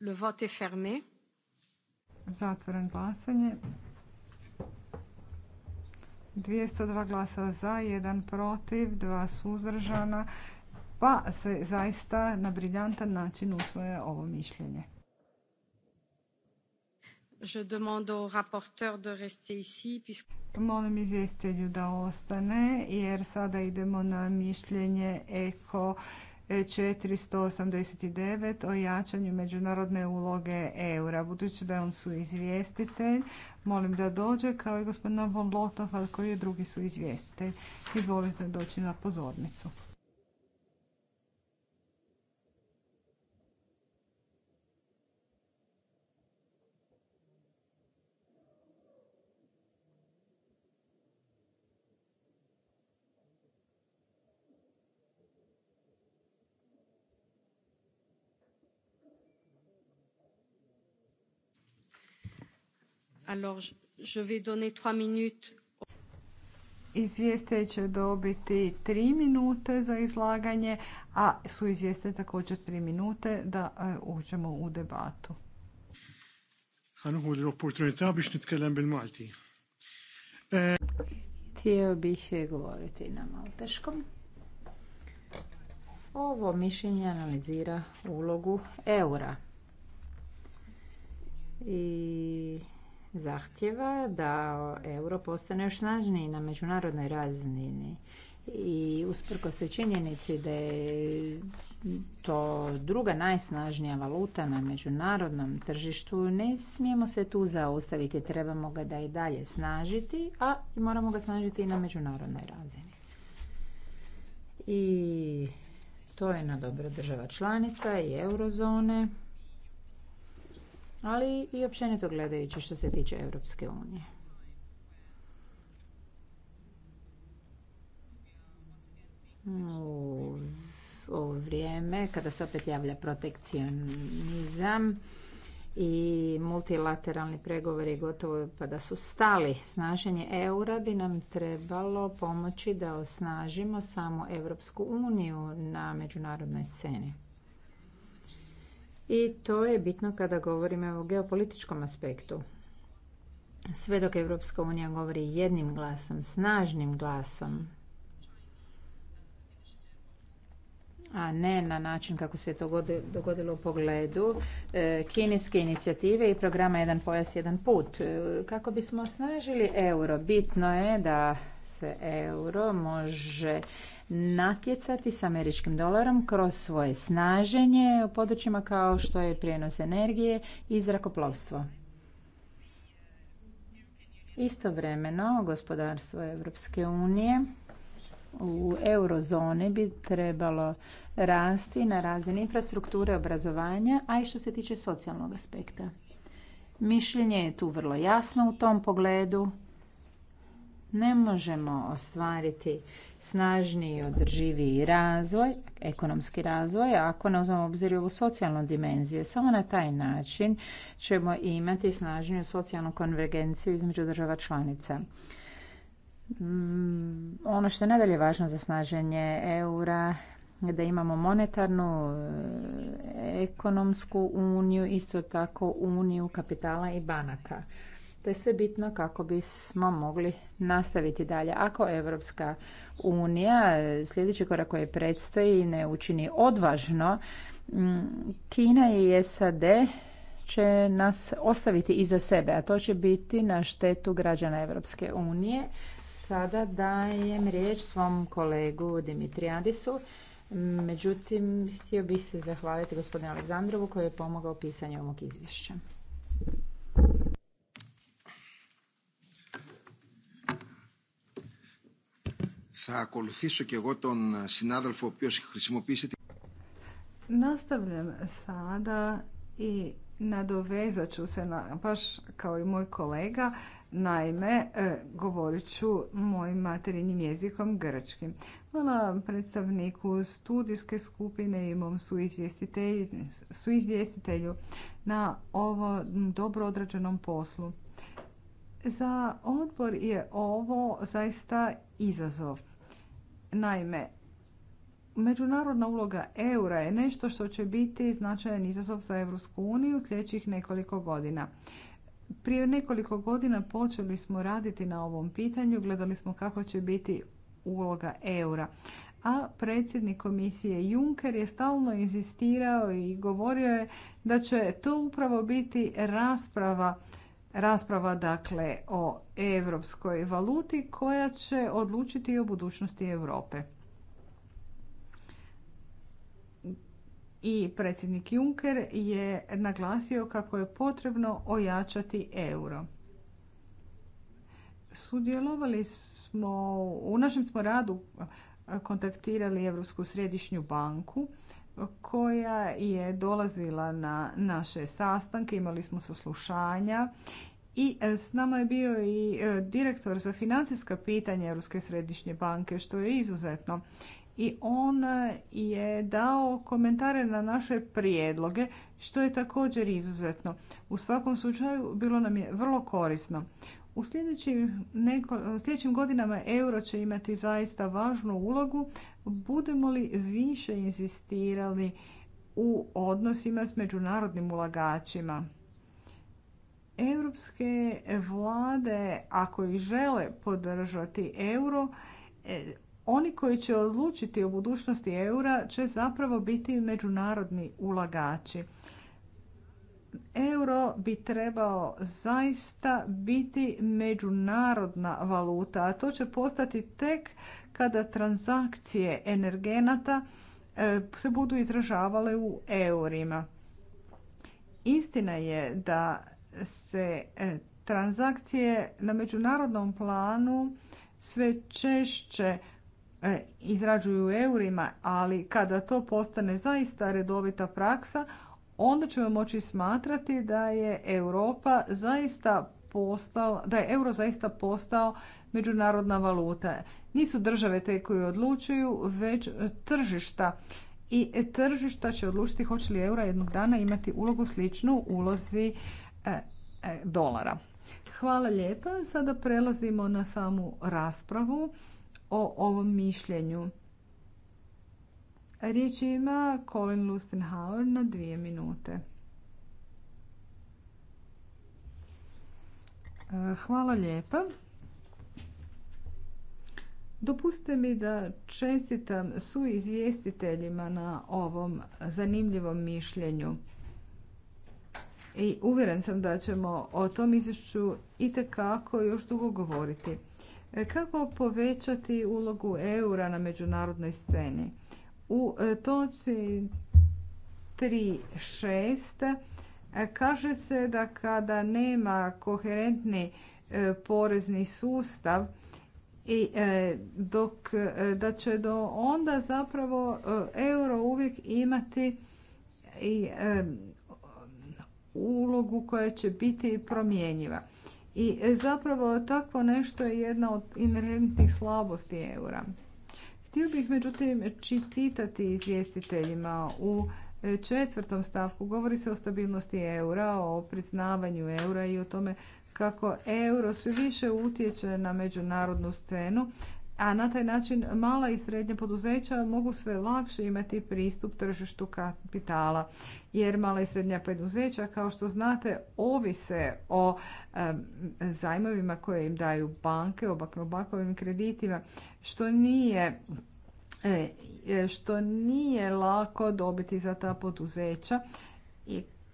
Le vote est fermé. Zatvoren glasanje. 202 glasa za, jedan protiv, dva suzdržana, pa se zaista na briljantan način usvoje ovo mišljenje. Je demande au rapporteur de rester ici Molim izvjestitelju da ostane jer sada idemo na mišljenje eko 489 e, o jačanju međunarodne uloge eura. Budući da je on su izvjestitelj, molim da dođe kao i gospodina Von lotov koji je drugi su izvjestitelj. Izvolite doći na pozornicu. Alors, je vais donner trois minutes Izvjestitelj će dobiti tri minute za izlaganje, a su izvjestitelj također tri minute da e, uđemo u debatu. E, Htio bih govoriti na malteškom. Ovo mišljenje analizira ulogu eura i zahtjeva da euro postane još snažniji na međunarodnoj razini i usprkos činjenici da je to druga najsnažnija valuta na međunarodnom tržištu, ne smijemo se tu zaustaviti, trebamo ga da i dalje snažiti, a i moramo ga snažiti i na međunarodnoj razini. I to je na dobro država članica i eurozone ali i općenito gledajući što se tiče Europske unije. U ovo vrijeme kada se opet javlja protekcionizam i multilateralni pregovori gotovo pa da su stali. Snaženje eura bi nam trebalo pomoći da osnažimo samo Europsku uniju na međunarodnoj sceni i to je bitno kada govorimo o geopolitičkom aspektu. Sve dok Europska unija govori jednim glasom, snažnim glasom, a ne na način kako se je to dogodilo u pogledu e, kineske inicijative i programa Jedan pojas, jedan put. E, kako bismo osnažili euro, bitno je da se euro može natjecati s američkim dolarom kroz svoje snaženje u područjima kao što je prijenos energije i zrakoplovstvo. Istovremeno, gospodarstvo Europske unije u eurozoni bi trebalo rasti na razini infrastrukture obrazovanja, a i što se tiče socijalnog aspekta. Mišljenje je tu vrlo jasno u tom pogledu ne možemo ostvariti snažniji održiviji razvoj, ekonomski razvoj, ako ne uzmemo obzir ovu socijalnu dimenziju. Samo na taj način ćemo imati snažniju socijalnu konvergenciju između država članica. Mm, ono što je nadalje važno za snaženje eura da imamo monetarnu, e, ekonomsku uniju, isto tako uniju kapitala i banaka. To je sve bitno kako bismo mogli nastaviti dalje. Ako Evropska unija sljedeći korak koji predstoji ne učini odvažno, mm, Kina i SAD će nas ostaviti iza sebe, a to će biti na štetu građana Evropske unije. Sada dajem riječ svom kolegu Dimitriadisu. Međutim, htio bih se zahvaliti gospodinu Aleksandrovu koji je pomogao pisanju ovog izvješća. Θα ακολουθήσω και εγώ τον συνάδελφο ο οποίος χρησιμοποίησε την... Nastavljam sada i nadovezat ću se na, baš kao i moj kolega, naime, e, govorit ću mojim materinjim jezikom grčkim. Hvala predstavniku studijske skupine i mom suizvjestitelju na ovo dobro odrađenom poslu. Za odbor je ovo zaista izazov. Naime, međunarodna uloga eura je nešto što će biti značajan izazov za Europsku uniju sljedećih nekoliko godina. Prije nekoliko godina počeli smo raditi na ovom pitanju, gledali smo kako će biti uloga eura. A predsjednik komisije Juncker je stalno inzistirao i govorio je da će to upravo biti rasprava rasprava dakle o europskoj valuti koja će odlučiti o budućnosti Europe. I predsjednik Juncker je naglasio kako je potrebno ojačati euro. Sudjelovali smo, u našem smo radu kontaktirali Europsku središnju banku koja je dolazila na naše sastanke, imali smo saslušanja i e, s nama je bio i e, direktor za financijska pitanja Ruske središnje banke, što je izuzetno. I on e, je dao komentare na naše prijedloge, što je također izuzetno. U svakom slučaju bilo nam je vrlo korisno. U sljedećim, sljedećim godinama euro će imati zaista važnu ulogu budemo li više inzistirali u odnosima s međunarodnim ulagačima. Europske vlade, ako i žele podržati euro, e, oni koji će odlučiti o budućnosti eura će zapravo biti međunarodni ulagači euro bi trebao zaista biti međunarodna valuta, a to će postati tek kada transakcije energenata e, se budu izražavale u eurima. Istina je da se e, transakcije na međunarodnom planu sve češće e, izrađuju u eurima, ali kada to postane zaista redovita praksa, onda ćemo moći smatrati da je Europa zaista postao, da je euro zaista postao međunarodna valuta. Nisu države te koje odlučuju, već tržišta. I tržišta će odlučiti hoće li Euro jednog dana imati ulogu sličnu ulozi e, e, dolara. Hvala lijepa. Sada prelazimo na samu raspravu o ovom mišljenju. Riječ ima Colin Lustenhauer na dvije minute. E, hvala lijepa. Dopustite mi da čestitam su izvjestiteljima na ovom zanimljivom mišljenju. I uvjeren sam da ćemo o tom izvješću itekako još dugo govoriti. E, kako povećati ulogu eura na međunarodnoj sceni? U e, toci 3.6 e, kaže se da kada nema koherentni e, porezni sustav i dok da će do onda zapravo euro uvijek imati i ulogu koja će biti promjenjiva. I zapravo takvo nešto je jedna od inherentnih slabosti eura. Htio bih međutim čistitati izvjestiteljima u e, četvrtom stavku govori se o stabilnosti eura, o priznavanju eura i o tome kako euro sve više utječe na međunarodnu scenu, a na taj način mala i srednja poduzeća mogu sve lakše imati pristup tržištu kapitala jer mala i srednja poduzeća kao što znate ovise o zajmovima koje im daju banke o bankovim kreditima što nije e, e, što nije lako dobiti za ta poduzeća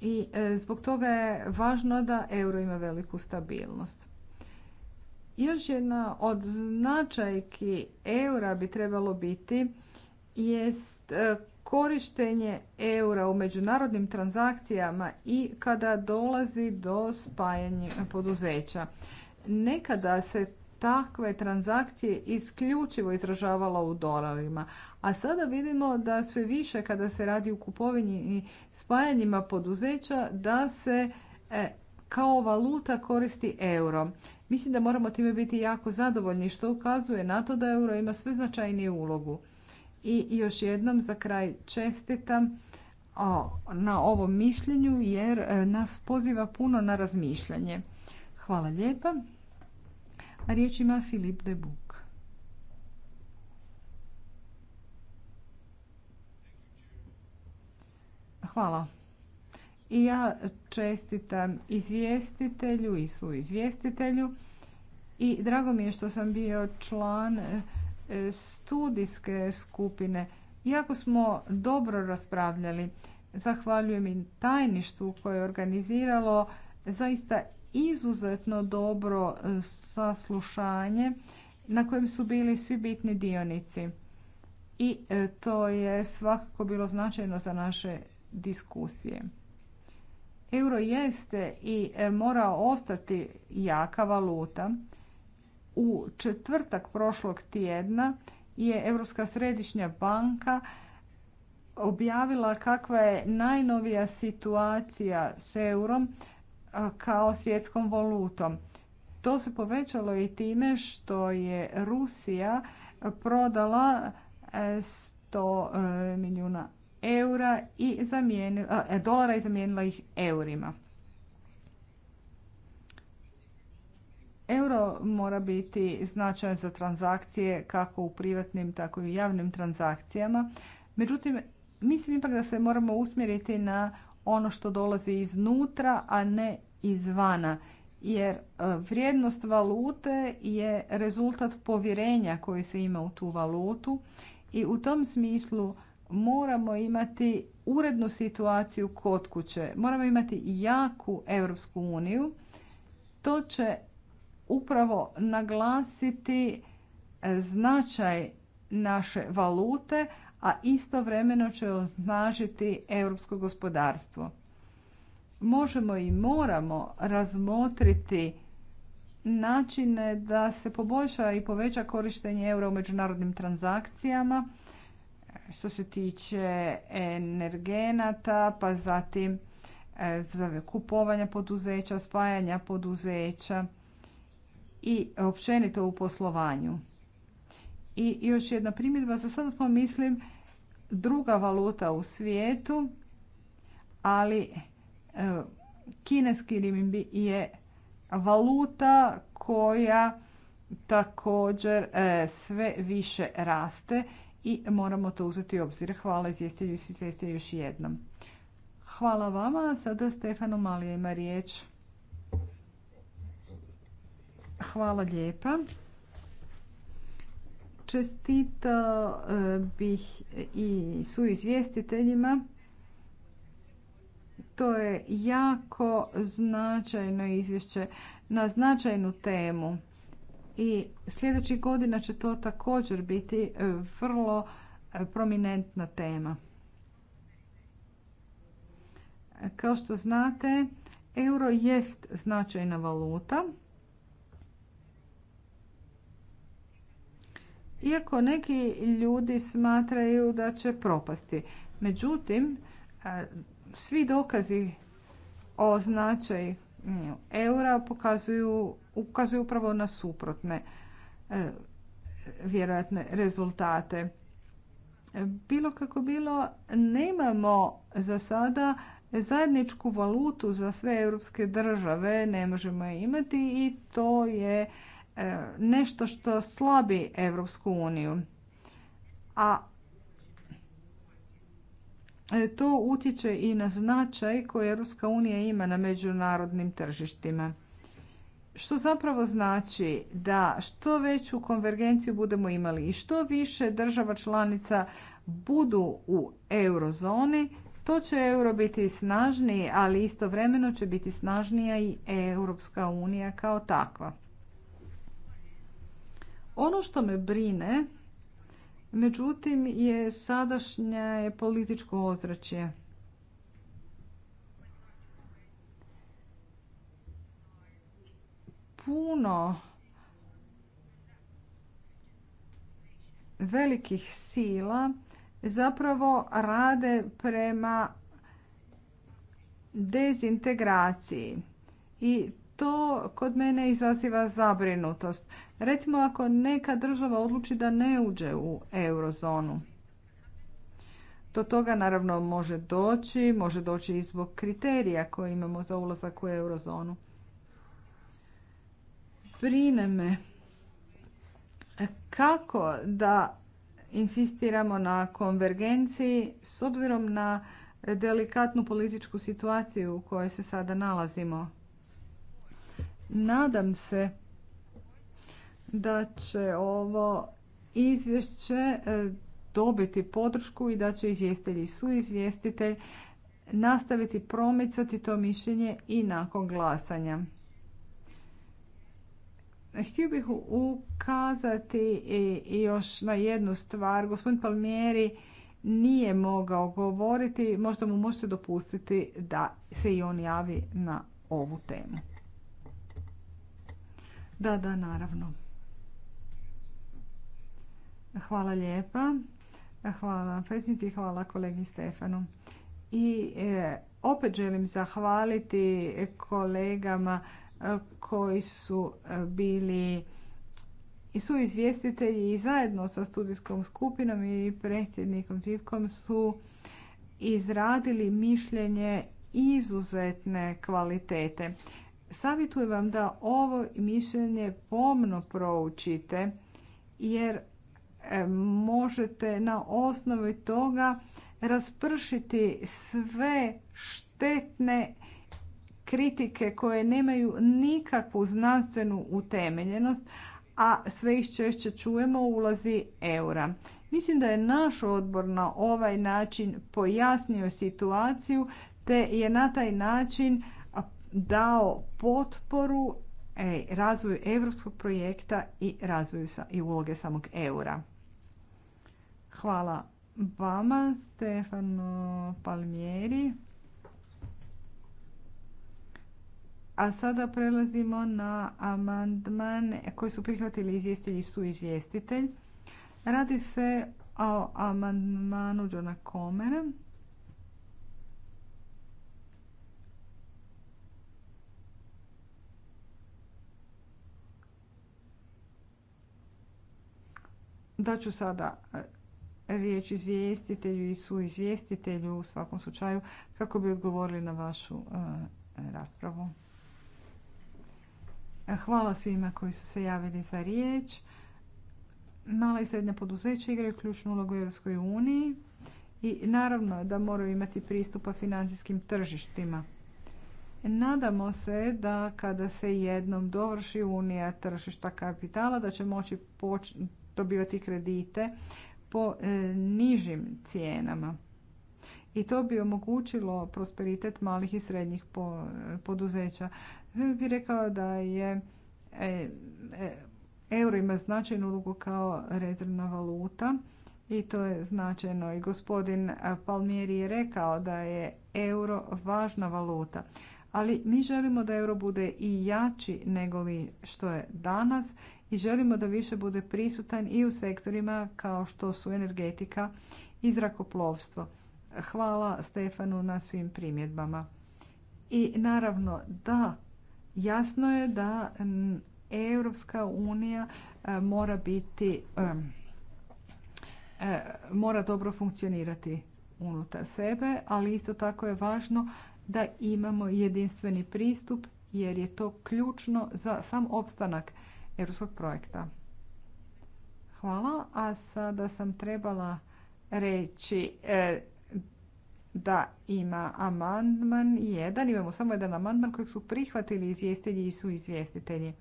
i e, zbog toga je važno da euro ima veliku stabilnost još jedna od značajki eura bi trebalo biti jest e, korištenje eura u međunarodnim transakcijama i kada dolazi do spajanja poduzeća. Nekada se takve transakcije isključivo izražavala u dolarima, a sada vidimo da sve više kada se radi o kupovini i spajanjima poduzeća da se e, kao valuta koristi euro. Mislim da moramo time biti jako zadovoljni što ukazuje na to da euro ima sve značajniju ulogu. I još jednom za kraj čestitam na ovom mišljenju jer e, nas poziva puno na razmišljanje. Hvala lijepa. A riječ ima Filip de Buk. Hvala i ja čestitam izvjestitelju i su izvjestitelju i drago mi je što sam bio član e, studijske skupine. Jako smo dobro raspravljali. Zahvaljujem i tajništvu koje je organiziralo zaista izuzetno dobro e, saslušanje na kojem su bili svi bitni dionici. I e, to je svakako bilo značajno za naše diskusije. Euro jeste i e, mora ostati jaka valuta. U četvrtak prošlog tjedna je Europska središnja banka objavila kakva je najnovija situacija s eurom kao svjetskom valutom. To se povećalo i time što je Rusija prodala 100 e, e, milijuna eura i zamijenila, e, dolara i zamijenila ih eurima. Euro mora biti značajan za transakcije kako u privatnim, tako i u javnim transakcijama. Međutim, mislim ipak da se moramo usmjeriti na ono što dolazi iznutra, a ne izvana. Jer e, vrijednost valute je rezultat povjerenja koji se ima u tu valutu i u tom smislu moramo imati urednu situaciju kod kuće, moramo imati jaku Europsku uniju. To će upravo naglasiti e, značaj naše valute, a istovremeno će osnažiti europsko gospodarstvo. Možemo i moramo razmotriti načine da se poboljša i poveća korištenje eura u međunarodnim transakcijama što se tiče energenata, pa zatim e, kupovanja poduzeća, spajanja poduzeća i općenito u poslovanju. I još jedna primjedba, za sada pa druga valuta u svijetu, ali e, kineski rimbi je valuta koja također e, sve više raste i moramo to uzeti u obzir. Hvala izvijestili i izvjestilju još jednom. Hvala vama. Sada Stefano Malija ima riječ. Hvala lijepa. Čestita e, bih i su izvjestiteljima. To je jako značajno izvješće na značajnu temu i sljedećih godina će to također biti e, vrlo e, prominentna tema. Kao što znate, euro jest značajna valuta. Iako neki ljudi smatraju da će propasti. Međutim, e, svi dokazi o značaju eura pokazuju, ukazuju upravo na suprotne e, vjerojatne rezultate. Bilo kako bilo, nemamo za sada zajedničku valutu za sve europske države, ne možemo je imati i to je e, nešto što slabi Europsku uniju. A E, to utječe i na značaj koji Europska unija ima na međunarodnim tržištima. Što zapravo znači da što veću konvergenciju budemo imali i što više država članica budu u eurozoni, to će euro biti snažniji, ali istovremeno će biti snažnija i Europska unija kao takva. Ono što me brine Međutim, je sadašnje političko ozračje. Puno velikih sila zapravo rade prema dezintegraciji i to kod mene izaziva zabrinutost. Recimo ako neka država odluči da ne uđe u eurozonu, do toga naravno može doći, može doći i zbog kriterija koje imamo za ulazak u eurozonu. Brine me kako da insistiramo na konvergenciji s obzirom na delikatnu političku situaciju u kojoj se sada nalazimo. Nadam se da će ovo izvješće e, dobiti podršku i da će izvjestitelj i suizvjestitelj nastaviti promicati to mišljenje i nakon glasanja. Htio bih ukazati e, još na jednu stvar. Gospodin Palmieri nije mogao govoriti. Možda mu možete dopustiti da se i on javi na ovu temu. Da, da, naravno. Hvala lijepa. Hvala predsjednici, hvala kolegi Stefanu. I e, opet želim zahvaliti kolegama e, koji su e, bili i su izvjestitelji i zajedno sa studijskom skupinom i predsjednikom Živkom su izradili mišljenje izuzetne kvalitete. Savjetujem vam da ovo mišljenje pomno proučite jer E, možete na osnovi toga raspršiti sve štetne kritike koje nemaju nikakvu znanstvenu utemeljenost, a sve ih češće čujemo ulazi eura. Mislim da je naš odbor na ovaj način pojasnio situaciju te je na taj način dao potporu e, razvoju europskog projekta i razvoju i uloge samog eura. Hvala vama, Stefano Palmieri. A sada prelazimo na amandman koji su prihvatili izvjestitelji su izvjestitelj. Radi se o amandmanu Johna Komera. Da ću sada riječ izvjestitelju i su izvjestitelju u svakom slučaju kako bi odgovorili na vašu e, raspravu. E, hvala svima koji su se javili za riječ. Mala i srednja poduzeća igraju ključnu ulogu u Europskoj uniji i naravno da moraju imati pristupa financijskim tržištima. Nadamo se da kada se jednom dovrši unija tržišta kapitala da će moći dobivati kredite po e, nižim cijenama. I to bi omogućilo prosperitet malih i srednjih e, poduzeća. E, bi rekao da je euro ima značajnu ulogu kao rezervna valuta i to je značajno. I gospodin Palmieri je rekao da je euro važna valuta. Ali mi želimo da euro bude i jači nego li što je danas i želimo da više bude prisutan i u sektorima kao što su energetika i zrakoplovstvo. Hvala Stefanu na svim primjedbama. I naravno da, jasno je da Europska unija e, mora biti e, e, mora dobro funkcionirati unutar sebe, ali isto tako je važno da imamo jedinstveni pristup jer je to ključno za sam opstanak europskog projekta. Hvala, a sada sam trebala reći e, da ima amandman jedan, imamo samo jedan amandman kojeg su prihvatili izvjestitelji i su izvjestitelji.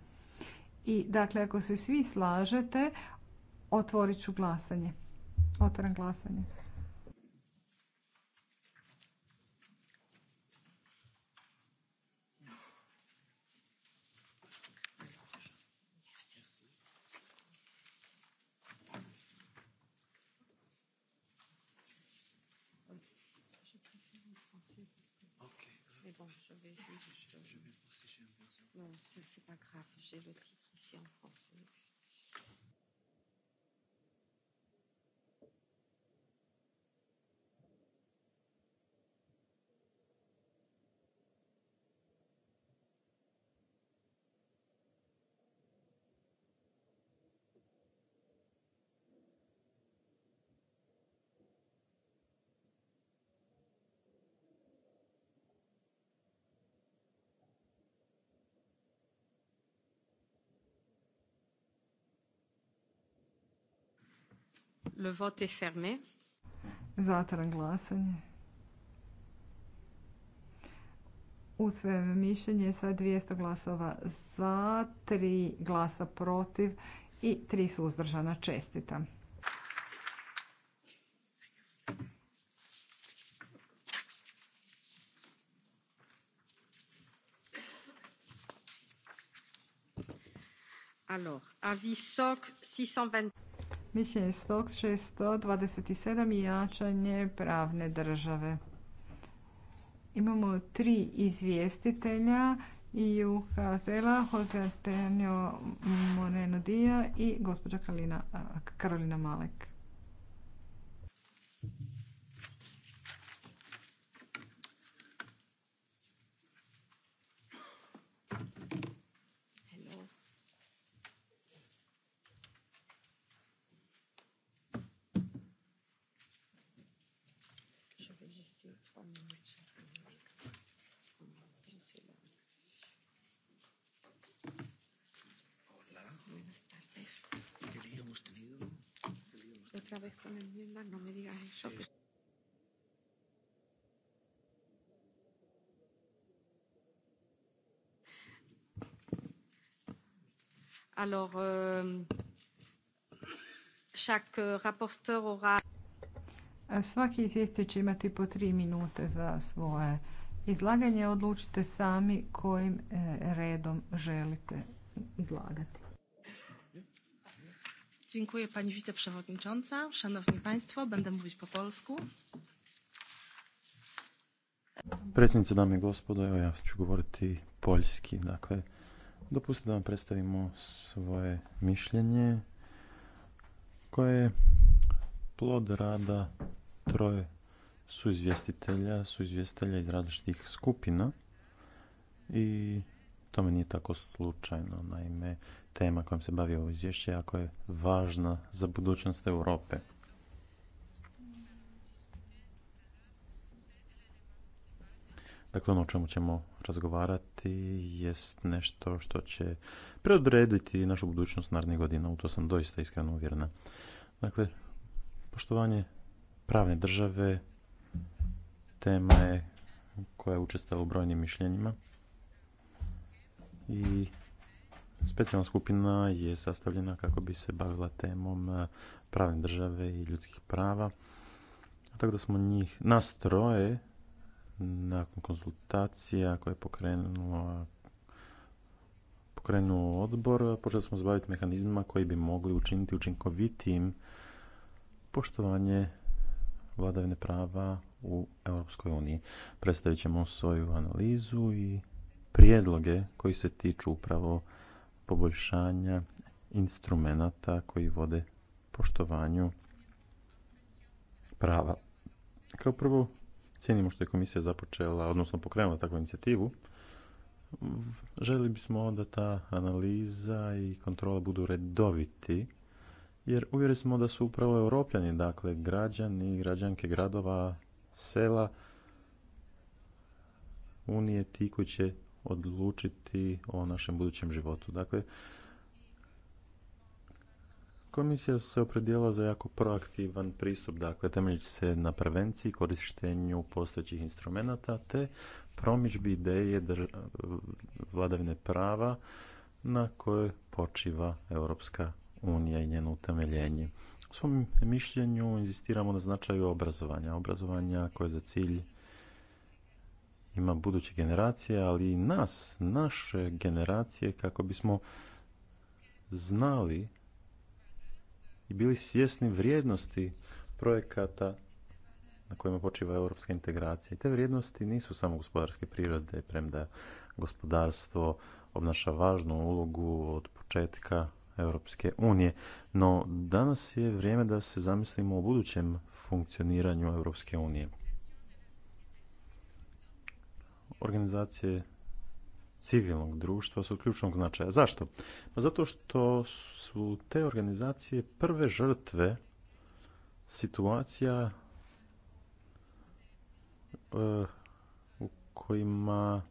I dakle, ako se svi slažete, otvorit ću glasanje. Otvaram glasanje. Non, ça, c'est pas grave. J'ai le titre ici en français. Le vote est fermé. Zatvaram glasanje. Usvajem mišljenje sa 200 glasova za, 3 glasa protiv i 3 suzdržana čestita. Alors, avis SOC 620 mišljenje Stoks 627 i jačanje pravne države. Imamo tri izvjestitelja i u Jose Antonio Moreno Dija i gospođa Karolina Malek. Alors, euh, chaque euh, rapporteur aura... Svaki izvjestitelj će imati po tri minute za svoje izlaganje. Odlučite sami kojim e, redom želite izlagati. Dziękuję pani wiceprzewodnicząca. Szanowni państwo, będę mówić po polsku. Predsjednice, dame i gospodo, evo ja ću govoriti poljski. Dakle, Dopustite da vam predstavimo svoje mišljenje koje je plod rada troje suizvjestitelja, suizvjestitelja iz različitih skupina i me nije tako slučajno. Naime, tema kojom se bavi ovo izvješće jako je važna za budućnost Europe. Dakle, ono o čemu ćemo razgovarati jest nešto što će preodrediti našu budućnost narednih godina. U to sam doista iskreno uvjerena. Dakle, poštovanje pravne države tema je koja je učestala u brojnim mišljenjima. I specijalna skupina je sastavljena kako bi se bavila temom eh, pravne države i ljudskih prava. Tako da smo njih, nas troje, nakon konzultacija koje je pokrenuo, pokrenuo odbor, počeli smo zbaviti mehanizmima koji bi mogli učiniti učinkovitim poštovanje vladavine prava u Europskoj uniji. Predstavit ćemo svoju analizu i prijedloge koji se tiču upravo poboljšanja instrumenata koji vode poštovanju prava. Kao prvo, Cijenimo što je komisija započela, odnosno pokrenula takvu inicijativu. Želi bismo da ta analiza i kontrola budu redoviti, jer uvjeri smo da su upravo europljani, dakle građani i građanke gradova, sela, unije ti koji će odlučiti o našem budućem životu. Dakle, Komisija se opredijela za jako proaktivan pristup, dakle temelji se na prevenciji, korištenju postojećih instrumenata te promičbi ideje vladavine prava na koje počiva Europska unija i njeno utemeljenje. U svom mišljenju inzistiramo na značaju obrazovanja, obrazovanja koje za cilj ima buduće generacije, ali i nas, naše generacije, kako bismo znali i bili svjesni vrijednosti projekata na kojima počiva europska integracija. I te vrijednosti nisu samo gospodarske prirode, premda gospodarstvo obnaša važnu ulogu od početka Europske unije. No danas je vrijeme da se zamislimo o budućem funkcioniranju Europske unije. Organizacije civilnog društva su ključnog značaja. Zašto? Pa zato što su te organizacije prve žrtve situacija e, u kojima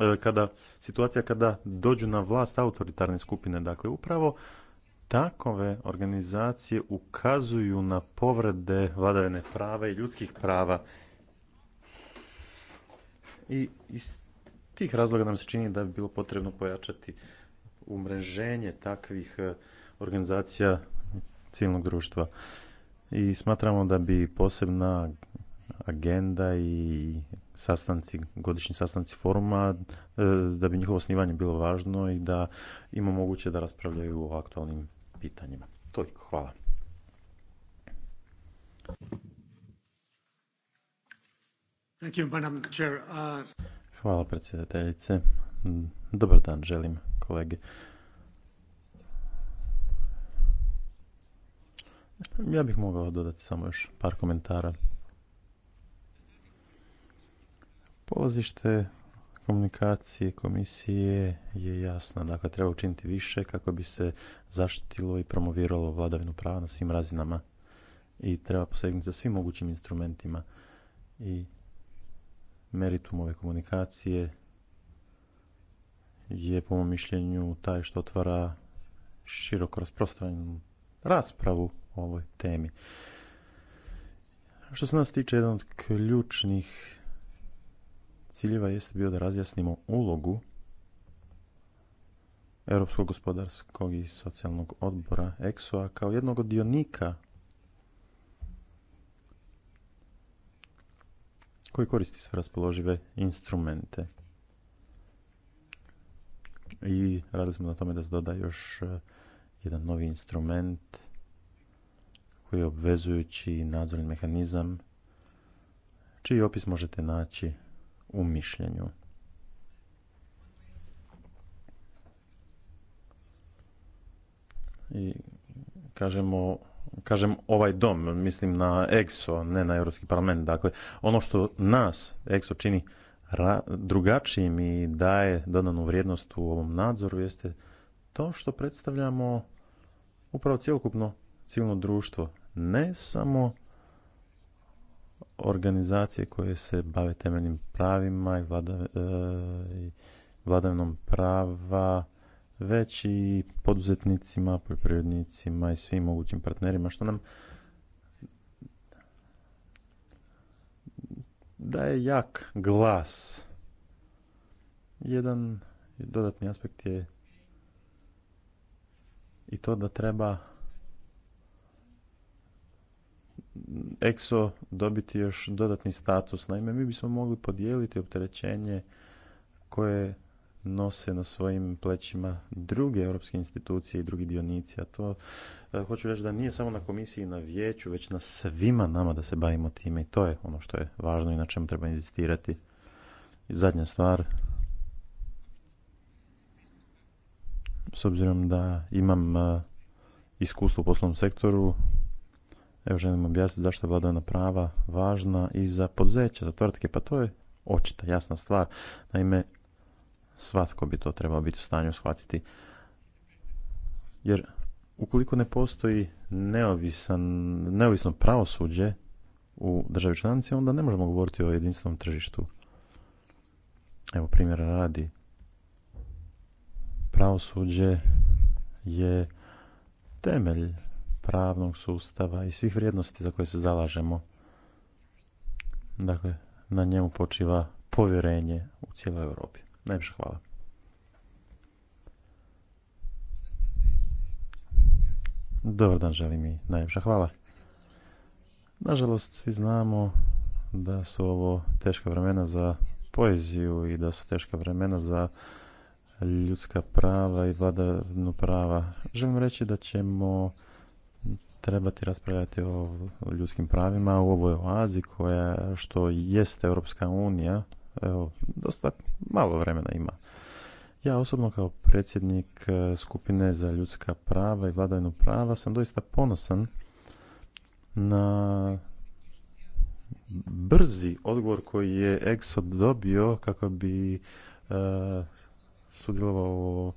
e, kada situacija kada dođu na vlast autoritarne skupine dakle upravo takove organizacije ukazuju na povrede vladavine prava i ljudskih prava i iz tih razloga nam se čini da bi bilo potrebno pojačati umreženje takvih e, organizacija civilnog društva. I smatramo da bi posebna agenda i sastanci, godišnji sastanci foruma, e, da bi njihovo osnivanje bilo važno i da ima moguće da raspravljaju o aktualnim pitanjima. Toliko, hvala. Thank you, Madam Chair. Uh... Hvala predsjedateljice. Dobar dan želim kolege. Ja bih mogao dodati samo još par komentara. Polazište komunikacije komisije je jasna. Dakle, treba učiniti više kako bi se zaštitilo i promoviralo vladavinu prava na svim razinama i treba posegnuti za svim mogućim instrumentima i meritum ove komunikacije je po mom mišljenju taj što otvara široko rasprostranjenu raspravu o ovoj temi. Što se nas tiče, jedan od ključnih ciljeva jeste bio da razjasnimo ulogu Europskog gospodarskog i socijalnog odbora EXO-a kao jednog od dionika koji koristi sve raspoložive instrumente. I radili smo na tome da se doda još e, jedan novi instrument koji je obvezujući nadzorni mehanizam čiji opis možete naći u mišljenju. I kažemo kažem ovaj dom, mislim na EXO, ne na Europski parlament. Dakle, ono što nas EXO čini drugačijim i daje dodanu vrijednost u ovom nadzoru jeste to što predstavljamo upravo cjelokupno civilno društvo, ne samo organizacije koje se bave temeljnim pravima i, e, i vladavnom prava, već i poduzetnicima, poljoprivrednicima i svim mogućim partnerima, što nam daje jak glas. Jedan dodatni aspekt je i to da treba EXO dobiti još dodatni status. Naime, mi bismo mogli podijeliti opterećenje koje nose na svojim plećima druge europske institucije i drugi dionici, a to e, hoću reći da nije samo na komisiji i na vijeću, već na svima nama da se bavimo time i to je ono što je važno i na čemu treba inzistirati. I zadnja stvar, s obzirom da imam e, iskustvo u poslovnom sektoru, evo želim objasniti zašto je vladavna prava važna i za poduzeća, za tvrtke, pa to je očita, jasna stvar. Naime, Svatko bi to trebao biti u stanju shvatiti. Jer ukoliko ne postoji neovisan, neovisno pravosuđe u državi članici, onda ne možemo govoriti o jedinstvenom tržištu. Evo primjera radi. Pravosuđe je temelj pravnog sustava i svih vrijednosti za koje se zalažemo. Dakle, na njemu počiva povjerenje u cijeloj Europi. Najviše hvala. Dobar dan, želim i najljepša hvala. Nažalost, svi znamo da su ovo teška vremena za poeziju i da su teška vremena za ljudska prava i vladavnu prava. Želim reći da ćemo trebati raspravljati o ljudskim pravima u ovoj oazi koja što jeste Europska unija evo, dosta malo vremena ima. Ja osobno kao predsjednik e, skupine za ljudska prava i vladavinu prava sam doista ponosan na brzi odgovor koji je EXO dobio kako bi e, sudjelovao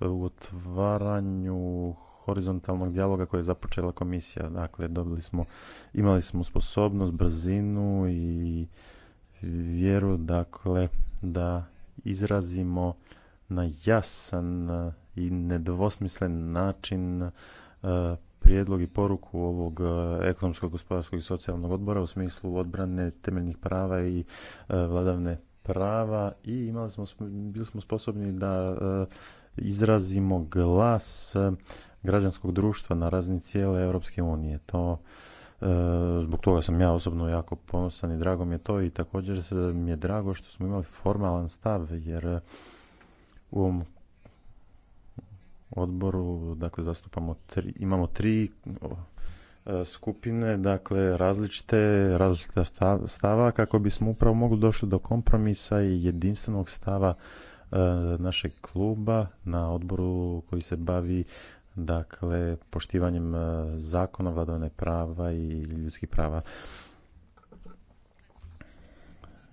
u otvaranju horizontalnog dijaloga koje je započela komisija. Dakle, dobili smo, imali smo sposobnost, brzinu i vjeru, dakle, da izrazimo na jasan i nedvosmislen način e, prijedlog i poruku ovog e, ekonomskog, gospodarskog i socijalnog odbora u smislu odbrane temeljnih prava i e, vladavne prava i imali smo, bili smo sposobni da izrazimo glas građanskog društva na razni cijele Europske unije. To E, zbog toga sam ja osobno jako ponosan i drago mi je to i također mi je drago što smo imali formalan stav jer e, u ovom odboru dakle zastupamo tri, imamo tri e, skupine, dakle različite, različita stava kako bismo upravo mogli došli do kompromisa i jedinstvenog stava našeg kluba na odboru koji se bavi dakle poštivanjem e, zakona, vladavine prava i ljudskih prava.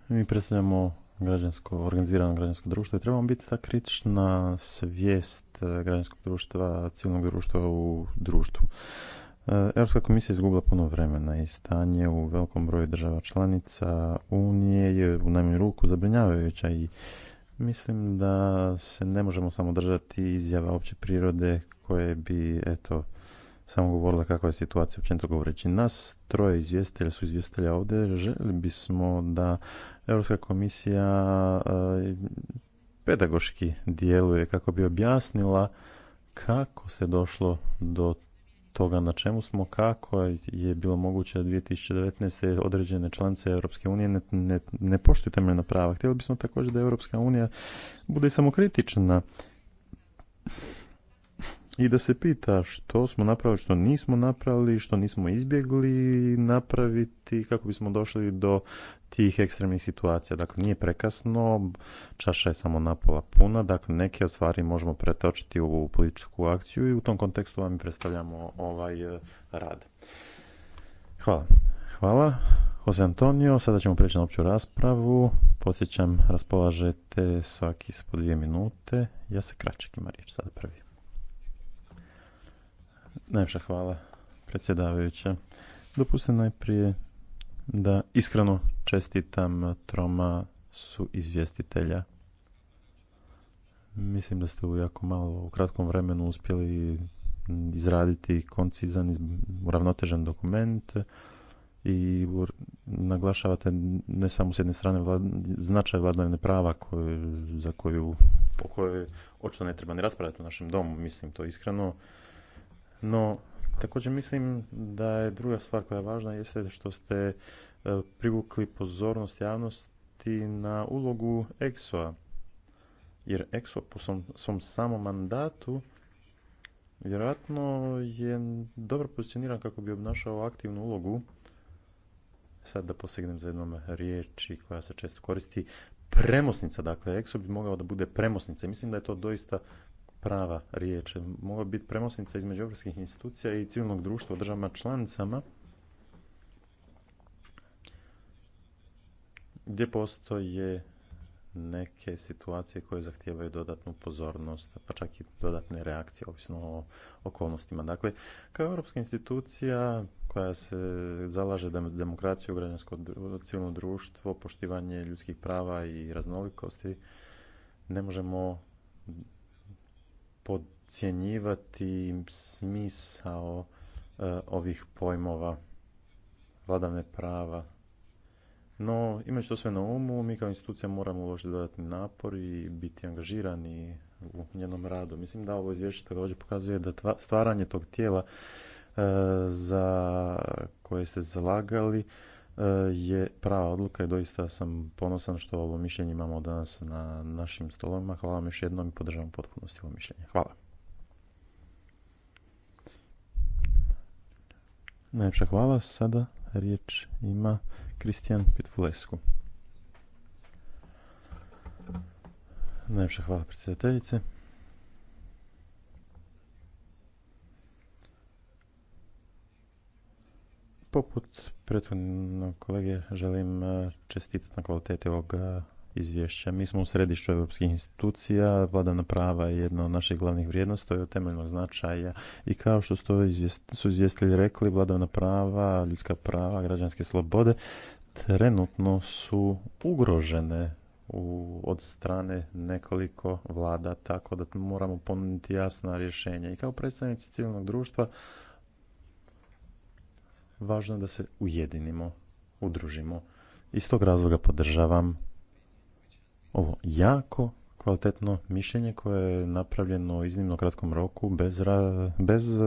Mi predstavljamo građansko, organizirano građansko društvo i trebamo biti ta kritična svijest e, građanskog društva, civilnog društva u društvu. E, Europska komisija izgubila puno vremena i stanje u velikom broju država članica Unije je u najmanju ruku zabrinjavajuća i mislim da se ne možemo samo držati izjava opće prirode koje bi, eto, samo govorila kakva je situacija općenito govoreći. Nas troje izvjestitelja su izvjestitelja ovdje. Željeli bismo da Europska komisija e, pedagoški djeluje kako bi objasnila kako se došlo do toga na čemu smo, kako je bilo moguće da 2019. određene članice Europske unije ne, ne, ne poštuju temeljna prava. Htjeli bismo također da Europska unija bude samokritična i da se pita što smo napravili, što nismo napravili, što nismo izbjegli napraviti kako bismo došli do tih ekstremnih situacija. Dakle, nije prekasno, čaša je samo napola puna, dakle neke od stvari možemo pretočiti u ovu političku akciju i u tom kontekstu vam predstavljamo ovaj eh, rad. Hvala. Hvala. Jose Antonio, sada ćemo prijeći na opću raspravu. Podsjećam, raspolažete svaki ispod dvije minute. Ja se kraček ima riječ sada prvi. Najviše hvala, predsjedavajuća. Dopustite najprije da iskreno čestitam troma su izvjestitelja. Mislim da ste u jako malo, u kratkom vremenu uspjeli izraditi koncizan, uravnotežan dokument i naglašavate ne samo s jedne strane značaj vladavine prava za koju, o kojoj očito ne treba ni raspravljati u našem domu, mislim to iskreno. No, također mislim da je druga stvar koja je važna jeste što ste e, privukli pozornost javnosti na ulogu EXO-a. Jer EXO po svom, samom mandatu vjerojatno je dobro pozicioniran kako bi obnašao aktivnu ulogu sad da posegnem za jednom riječi koja se često koristi, premosnica, dakle EXO bi mogao da bude premosnica. Mislim da je to doista prava riječ. Mogla biti premosnica između europskih institucija i civilnog društva u državama članicama gdje postoje neke situacije koje zahtijevaju dodatnu pozornost, pa čak i dodatne reakcije, ovisno o okolnostima. Dakle, kao europska institucija koja se zalaže da demokraciju, građansko civilno društvo, poštivanje ljudskih prava i raznolikosti, ne možemo podcjenjivati smisao e, ovih pojmova vladavne prava. No, imajući to sve na umu, mi kao institucija moramo uložiti dodatni napor i biti angažirani u njenom radu. Mislim da ovo izvješće također pokazuje da stvaranje tog tijela e, za koje ste zalagali E, je prava odluka i doista sam ponosan što ovo mišljenje imamo danas na našim stolovima. Hvala vam još jednom i podržavam potpunosti ovo mišljenje. Hvala. Najljepša hvala. Sada riječ ima Kristijan Pitvulesku. Najljepša hvala predsjedateljice. Poput prethodnog kolege želim e, čestitati na kvaliteti ovog e, izvješća. Mi smo u središtu europskih institucija, vladavna prava je jedna od naših glavnih vrijednosti, to je od temeljnog značaja i kao što su izvjestili rekli, vladavna prava, ljudska prava, građanske slobode trenutno su ugrožene od strane nekoliko vlada, tako da moramo ponuditi jasna rješenja. I kao predstavnici civilnog društva važno da se ujedinimo, udružimo. Iz tog razloga podržavam ovo jako kvalitetno mišljenje koje je napravljeno u iznimno kratkom roku bez, bez e,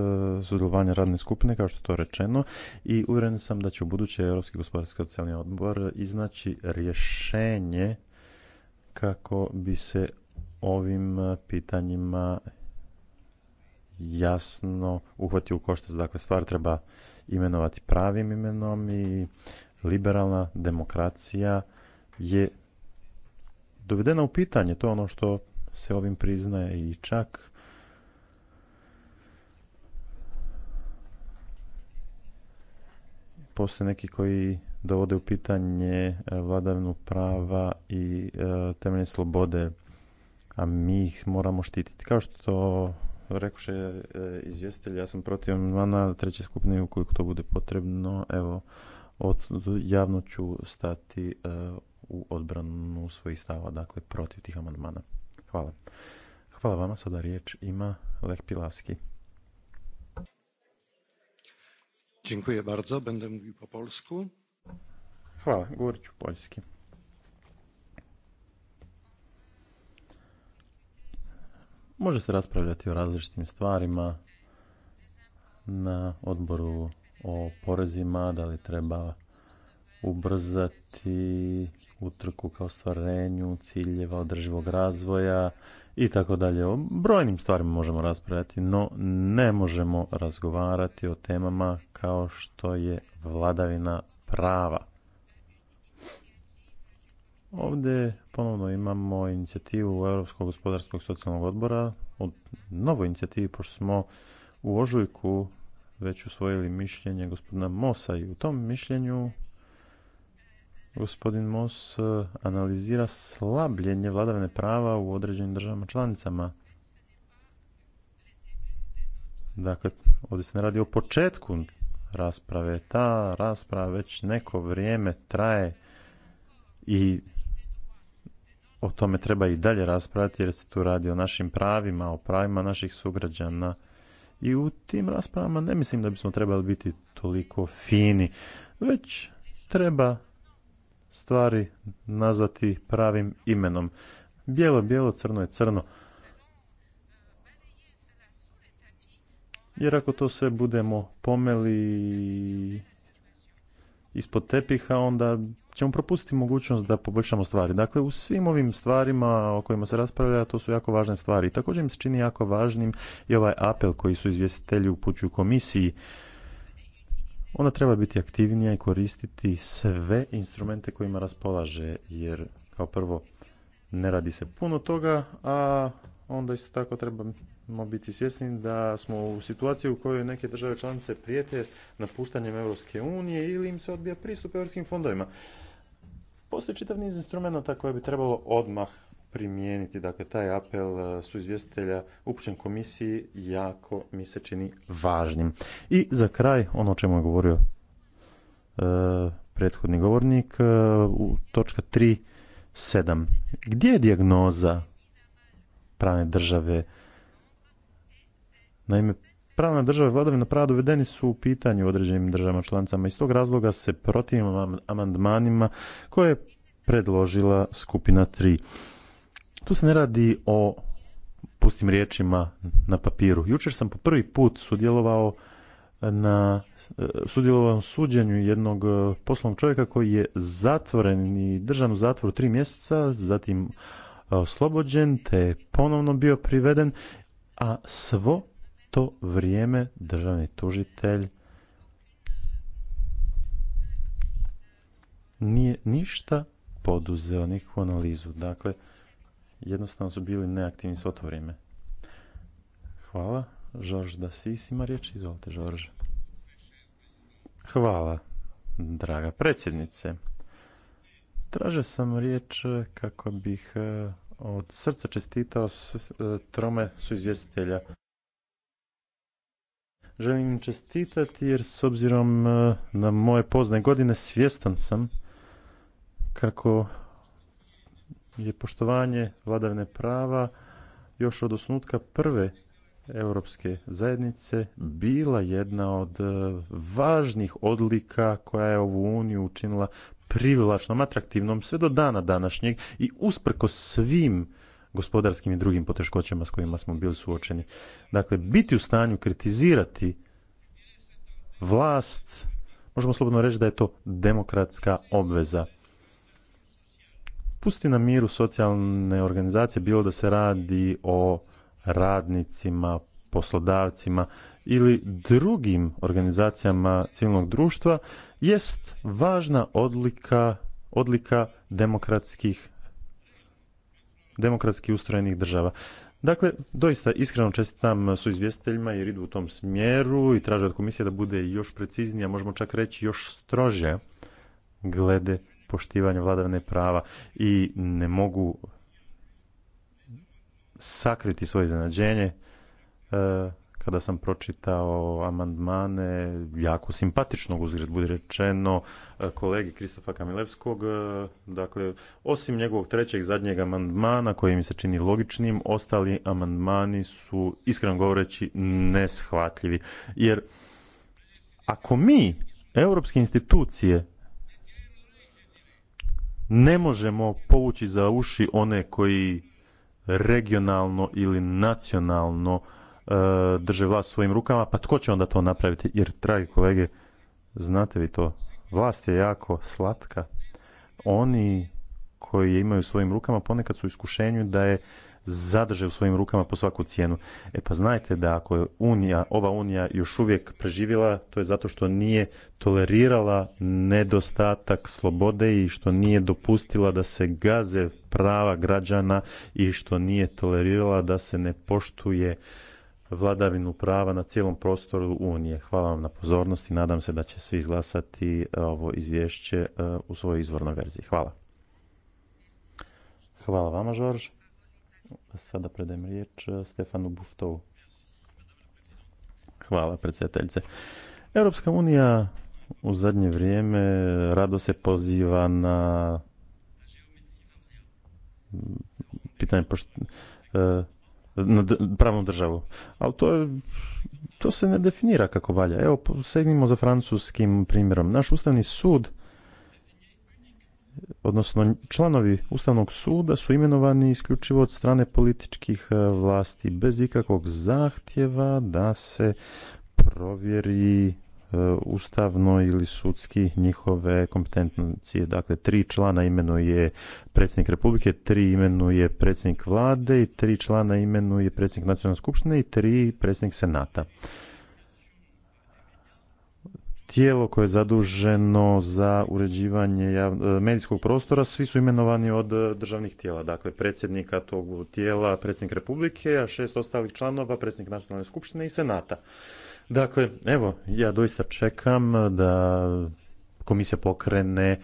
sudjelovanja radne skupine kao što je to rečeno i uvjeren sam da će u buduće Europski gospodarski socijalni odbor iznaći rješenje kako bi se ovim e, pitanjima jasno uhvatio u koštac. Dakle, stvar treba imenovati pravim imenom i liberalna demokracija je dovedena u pitanje. To je ono što se ovim priznaje i čak postoje neki koji dovode u pitanje e, vladavnu prava i e, temeljne slobode, a mi ih moramo štititi. Kao što rekuše eh, izvjestitelj, ja sam protiv amandmana treće skupine ukoliko to bude potrebno. Evo, od, javno ću stati eh, u odbranu svojih stava, dakle protiv tih amandmana. Hvala. Hvala vama, sada riječ ima Lech Pilavski. Dziękuję bardzo, będę mówił po polsku. Hvala, govorit ću poljski. Može se raspravljati o različitim stvarima na odboru o porezima, da li treba ubrzati utrku kao stvarenju, ciljeva održivog razvoja i tako dalje. O brojnim stvarima možemo raspravljati, no ne možemo razgovarati o temama kao što je vladavina prava. Ovdje ponovno imamo inicijativu Europskog gospodarskog socijalnog odbora o novoj inicijativi, pošto smo u ožujku već usvojili mišljenje gospodina Mosa i u tom mišljenju gospodin Mos e, analizira slabljenje vladavine prava u određenim državama članicama. Dakle, ovdje se ne radi o početku rasprave. Ta rasprava već neko vrijeme traje i o tome treba i dalje raspravljati jer se tu radi o našim pravima, o pravima naših sugrađana. I u tim raspravama ne mislim da bismo trebali biti toliko fini, već treba stvari nazvati pravim imenom. Bijelo, bijelo, crno je crno. Jer ako to sve budemo pomeli ispod tepiha, onda ćemo propustiti mogućnost da poboljšamo stvari. Dakle, u svim ovim stvarima o kojima se raspravlja, to su jako važne stvari. Također mi se čini jako važnim i ovaj apel koji su izvjestitelji upućuju komisiji. Ona treba biti aktivnija i koristiti sve instrumente kojima raspolaže, jer kao prvo ne radi se puno toga, a onda isto tako trebamo biti svjesni da smo u situaciji u kojoj neke države članice prijete napuštanjem Europske unije ili im se odbija pristup europskim fondovima. Postoji čitav niz instrumenta koje bi trebalo odmah primijeniti. Dakle, taj apel e, su izvjestitelja upućen komisiji jako mi se čini važnim. I za kraj, ono o čemu je govorio e, prethodni govornik, e, u točka 3.7. Gdje je dijagnoza pravne države? Naime, pravna država i vladavina prava dovedeni su u pitanju u određenim državama članicama. Iz tog razloga se protivim amandmanima koje je predložila skupina 3. Tu se ne radi o pustim riječima na papiru. Jučer sam po prvi put sudjelovao na e, sudjelovao suđenju jednog e, poslovnog čovjeka koji je zatvoren i držan u zatvoru tri mjeseca, zatim e, oslobođen te ponovno bio priveden, a svo to vrijeme državni tužitelj nije ništa poduzeo, nikakvu analizu. Dakle, jednostavno su bili neaktivni svo to vrijeme. Hvala. Žorž si ima riječ. Izvolite, Žorž. Hvala, draga predsjednice. Tražio sam riječ kako bih eh, od srca čestitao eh, trome su izvjestitelja Želim im čestitati jer s obzirom e, na moje pozne godine svjestan sam kako je poštovanje vladavine prava još od osnutka prve europske zajednice bila jedna od e, važnih odlika koja je ovu uniju učinila privlačnom, atraktivnom sve do dana današnjeg i usprko svim gospodarskim i drugim poteškoćama s kojima smo bili suočeni. Dakle, biti u stanju kritizirati vlast, možemo slobodno reći da je to demokratska obveza. Pusti na miru socijalne organizacije, bilo da se radi o radnicima, poslodavcima ili drugim organizacijama civilnog društva, jest važna odlika, odlika demokratskih demokratski ustrojenih država. Dakle, doista iskreno čestitam su izvjestiteljima jer idu u tom smjeru i traže od komisije da bude još preciznija, možemo čak reći još strože glede poštivanja vladavne prava i ne mogu sakriti svoje iznenađenje e, kada sam pročitao amandmane, jako simpatičnog uzgred bude rečeno, e, kolegi Kristofa Kamilevskog, e, dakle, osim njegovog trećeg zadnjeg amandmana, koji mi se čini logičnim, ostali amandmani su, iskreno govoreći, neshvatljivi. Jer, ako mi, europske institucije, ne možemo povući za uši one koji regionalno ili nacionalno E, drže vlast svojim rukama, pa tko će onda to napraviti? Jer, dragi kolege, znate vi to, vlast je jako slatka. Oni koji je imaju u svojim rukama ponekad su u iskušenju da je zadrže u svojim rukama po svaku cijenu. E pa znajte da ako je Unija, ova Unija još uvijek preživjela, to je zato što nije tolerirala nedostatak slobode i što nije dopustila da se gaze prava građana i što nije tolerirala da se ne poštuje vladavinu prava na cijelom prostoru Unije. Hvala vam na pozornosti. Nadam se da će svi izglasati e, ovo izvješće e, u svojoj izvornoj verziji. Hvala. Hvala vama, Žorž. Sada predajem riječ e, Stefanu Buftovu. Hvala, predsjedateljice. Europska unija u zadnje vrijeme rado se poziva na pitanje pravnu državu. Ali to, je, to se ne definira kako valja. Evo, segnimo za francuskim primjerom. Naš ustavni sud, odnosno članovi ustavnog suda su imenovani isključivo od strane političkih e, vlasti bez ikakvog zahtjeva da se provjeri E, ustavno ili sudski njihove kompetencije. Dakle, tri člana imenuje predsjednik Republike, tri imenuje predsjednik vlade i tri člana imenuje predsjednik nacionalne skupštine i tri predsjednik senata. Tijelo koje je zaduženo za uređivanje e, medijskog prostora, svi su imenovani od e, državnih tijela, dakle predsjednika tog tijela, predsjednik Republike, a šest ostalih članova, predsjednik nacionalne skupštine i senata. Dakle, evo, ja doista čekam da komisija pokrene e,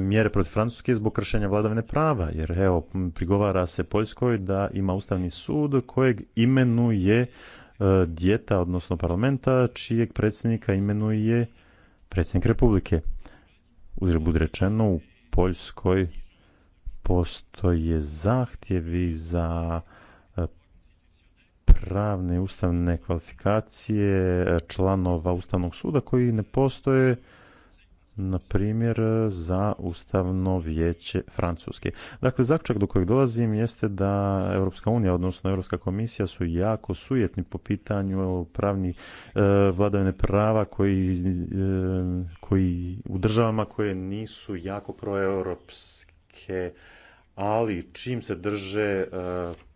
mjere protiv Francuske zbog kršenja vladavine prava, jer evo, prigovara se Poljskoj da ima Ustavni sud kojeg imenuje e, djeta, odnosno parlamenta, čijeg predsjednika imenuje predsjednik Republike. Uzre rečeno, u Poljskoj postoje zahtjevi za pravne ustavne kvalifikacije članova Ustavnog suda koji ne postoje na primjer za ustavno vijeće Francuske. Dakle, zaključak do kojeg dolazim jeste da Europska unija, odnosno Europska komisija su jako sujetni po pitanju pravni e, vladavine prava koji, e, koji u državama koje nisu jako proeuropske ali čim se drže e,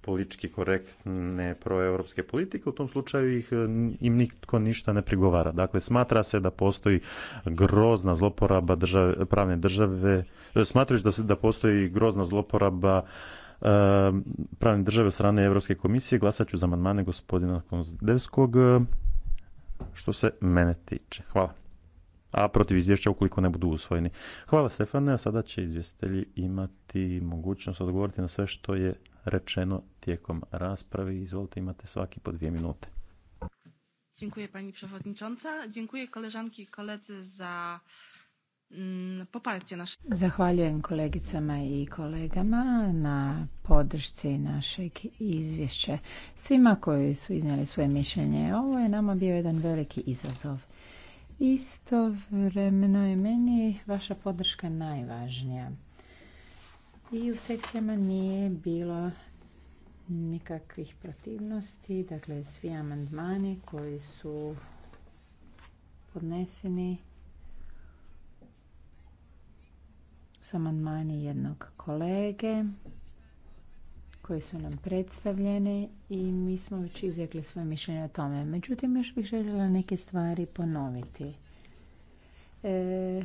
politički korektne proeuropske politike, u tom slučaju ih, e, im nitko ništa ne prigovara. Dakle, smatra se da postoji grozna zloporaba pravne države, e, smatraju da, se, da postoji grozna zloporaba pravne države od strane Europske komisije, glasat ću za amandmane gospodina Konzdevskog, što se mene tiče. Hvala a protiv izvješća ukoliko ne budu usvojeni. Hvala Stefane, a sada će izvjestitelji imati mogućnost odgovoriti na sve što je rečeno tijekom rasprave. Izvolite, imate svaki po dvije minute. Dziękuję pani przewodnicząca. Dziękuję koleżanki i koledzy za mm, poparcie nasze. Zahvaljujem kolegicama i kolegama na podršci našeg izvješća. Svima koji su iznijeli svoje mišljenje, ovo je nama bio jedan veliki izazov. Istovremeno je meni vaša podrška najvažnija. I u sekcijama nije bilo nikakvih protivnosti, dakle svi amandmani koji su podneseni su amandmani jednog kolege koji su nam predstavljene i mi smo već izrekli svoje mišljenje o tome. Međutim, još bih željela neke stvari ponoviti. E,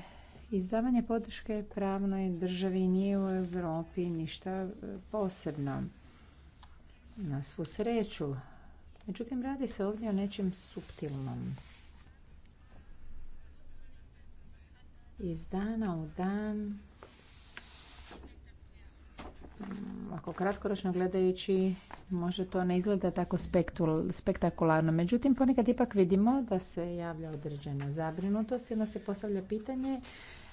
izdavanje podrške pravnoj državi nije u Europi ništa e, posebno. Na svu sreću. Međutim, radi se ovdje o nečem suptilnom. Iz dana u dan Mm, ako kratkoročno gledajući može to ne izgleda tako spektakularno. Međutim, ponekad ipak vidimo da se javlja određena zabrinutost i onda se postavlja pitanje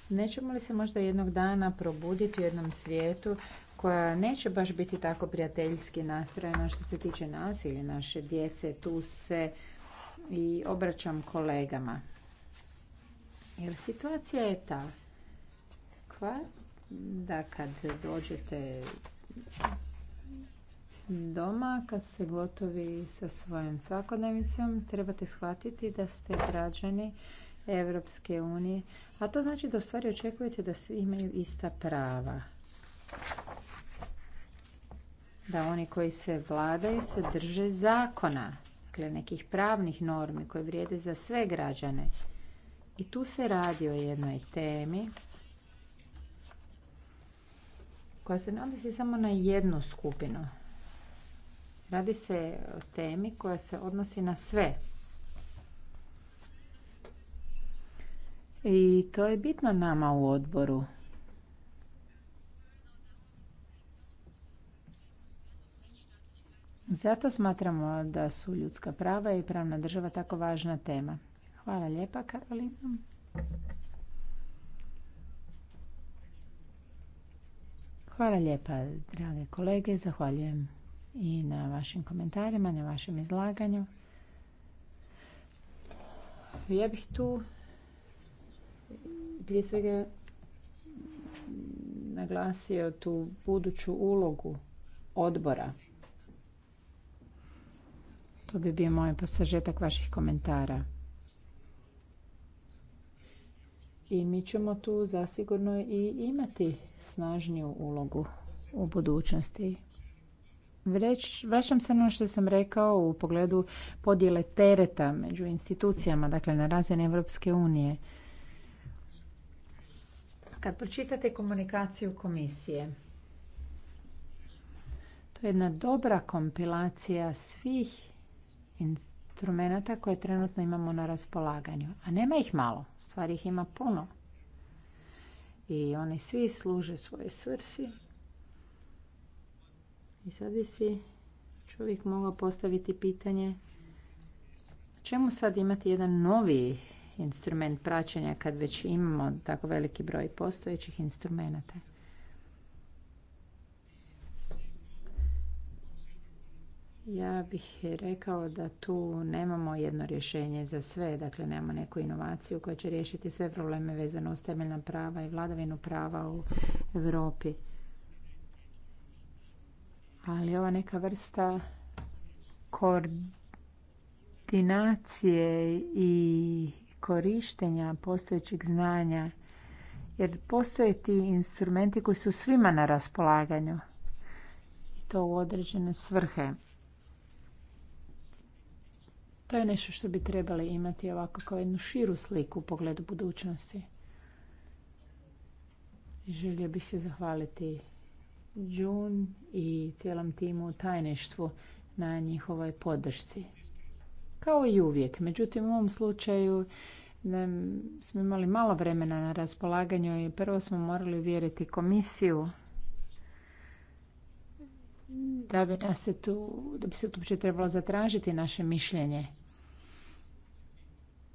nećemo li se možda jednog dana probuditi u jednom svijetu koja neće baš biti tako prijateljski nastrojena što se tiče nas ili naše djece. Tu se i obraćam kolegama. Jer situacija je ta. Kva da kad dođete doma, kad ste gotovi sa svojom svakodnevnicom, trebate shvatiti da ste građani Evropske unije, a to znači da u stvari očekujete da svi imaju ista prava. Da oni koji se vladaju se drže zakona, dakle nekih pravnih normi koje vrijede za sve građane. I tu se radi o jednoj temi koja se ne odnosi samo na jednu skupinu. Radi se o temi koja se odnosi na sve. I to je bitno nama u odboru. Zato smatramo da su ljudska prava i pravna država tako važna tema. Hvala lijepa, Karolina. Hvala lijepa, drage kolege. Zahvaljujem i na vašim komentarima, na vašem izlaganju. Ja bih tu prije svega naglasio tu buduću ulogu odbora. To bi bio moj posažetak vaših komentara. i mi ćemo tu zasigurno i imati snažniju ulogu u budućnosti. Vreć, vraćam se na ono što sam rekao u pogledu podjele tereta među institucijama, dakle na razini Europske unije. Kad pročitate komunikaciju komisije, to je jedna dobra kompilacija svih instrumenata koje trenutno imamo na raspolaganju. A nema ih malo, stvari ih ima puno. I oni svi služe svoje svrsi. I sad bi si čovjek mogao postaviti pitanje čemu sad imati jedan novi instrument praćenja kad već imamo tako veliki broj postojećih instrumenata. Ja bih rekao da tu nemamo jedno rješenje za sve, dakle nemamo neku inovaciju koja će riješiti sve probleme vezano uz temeljna prava i vladavinu prava u Europi. Ali ova neka vrsta koordinacije i korištenja postojećeg znanja, jer postoje ti instrumenti koji su svima na raspolaganju i to u određene svrhe. To je nešto što bi trebali imati ovako kao jednu širu sliku u pogledu budućnosti. Želio bih se zahvaliti Jun i cijelom timu u tajništvu na njihovoj podršci. Kao i uvijek. Međutim, u ovom slučaju smo imali malo vremena na raspolaganju i prvo smo morali uvjeriti komisiju da bi, se tu, da bi se uopće trebalo zatražiti naše mišljenje.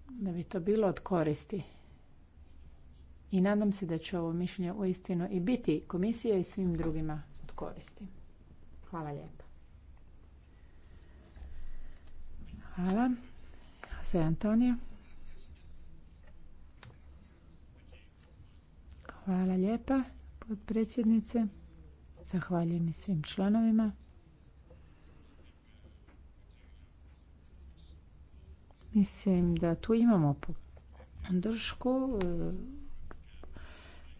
Da bi to bilo od koristi. I nadam se da će ovo mišljenje uistinu i biti komisija i svim drugima od koristi. Hvala lijepa. Hvala. Jose Hvala lijepa, potpredsjednice. Zahvaljujem i svim članovima. Mislim da tu imamo podršku eh,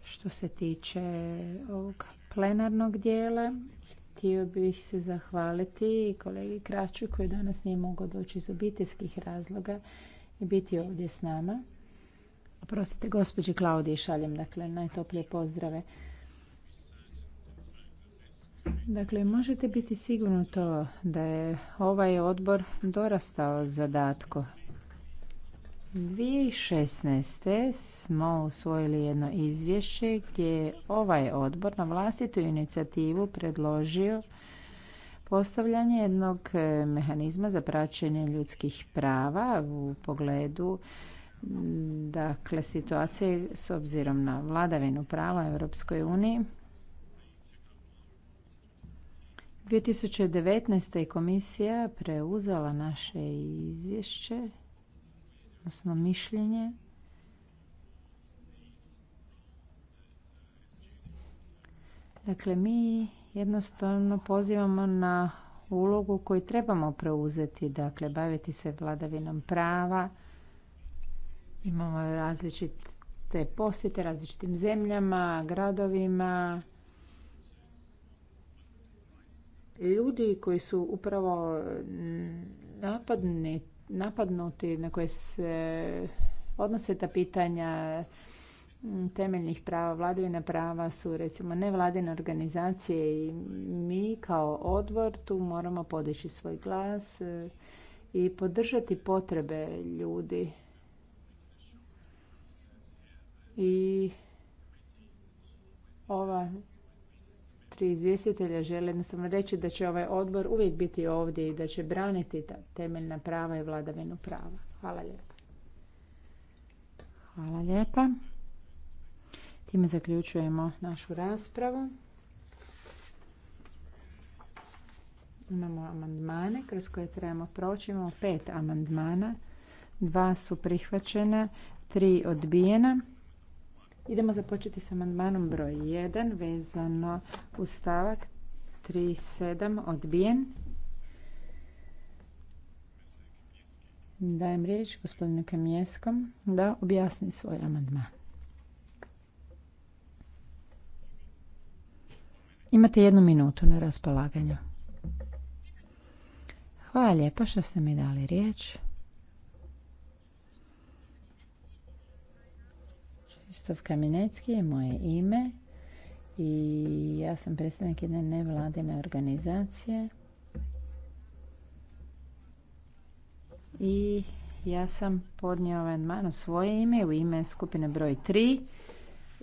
što se tiče ovog plenarnog dijela. Htio bih se zahvaliti i kolegi Kraću koji danas nije mogao doći iz obiteljskih razloga i biti ovdje s nama. Oprostite, gospođi Klaudiji šaljem dakle najtoplije pozdrave. Dakle, možete biti sigurni to da je ovaj odbor dorastao zadatko. 2016. smo usvojili jedno izvješće gdje je ovaj odbor na vlastitu inicijativu predložio postavljanje jednog e, mehanizma za praćenje ljudskih prava u pogledu dakle situacije s obzirom na vladavinu prava u Europskoj 2019. je komisija preuzela naše izvješće, odnosno mišljenje. Dakle, mi jednostavno pozivamo na ulogu koju trebamo preuzeti, dakle, baviti se vladavinom prava. Imamo različite posjete različitim zemljama, gradovima, ljudi koji su upravo mm, napadnuti, na koje se odnose ta pitanja mm, temeljnih prava, vladavina prava su recimo nevladine organizacije i mi kao odbor tu moramo podići svoj glas e, i podržati potrebe ljudi. I ova izvjestitelja žele jednostavno reći da će ovaj odbor uvijek biti ovdje i da će braniti temeljna prava i vladavinu prava. Hvala lijepa. Hvala lijepa. Time zaključujemo našu raspravu. Imamo amandmane kroz koje trebamo proći. Imamo pet amandmana. Dva su prihvaćena, tri odbijena. Idemo započeti s amandmanom broj 1 vezano uz stavak 3.7 odbijen. Dajem riječ gospodinu Kamijeskom da objasni svoj amandman. Imate jednu minutu na raspolaganju. Hvala lijepo što ste mi dali riječ. Krištof Kaminecki je moje ime i ja sam predstavnik jedne nevladine organizacije i ja sam podnio ovaj u svoje ime u ime skupine broj 3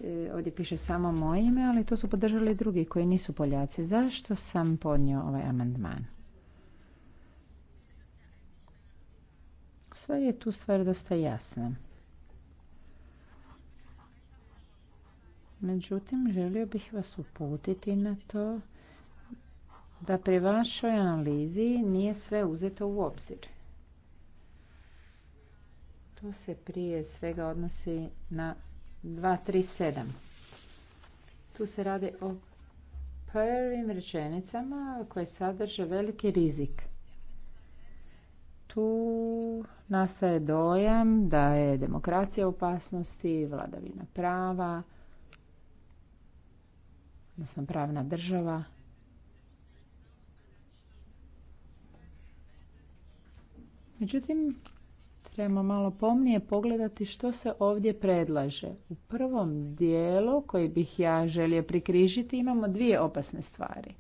e, ovdje piše samo moje ime ali to su podržali drugi koji nisu Poljaci zašto sam podnio ovaj amandman Sve je tu stvar dosta jasna Međutim, želio bih vas uputiti na to da pri vašoj analizi nije sve uzeto u obzir. To se prije svega odnosi na 237. Tu se radi o prvim rečenicama koje sadrže veliki rizik. Tu nastaje dojam da je demokracija opasnosti, vladavina prava, odnosno pravna država. Međutim, trebamo malo pomnije pogledati što se ovdje predlaže. U prvom dijelu koji bih ja želio prikrižiti imamo dvije opasne stvari.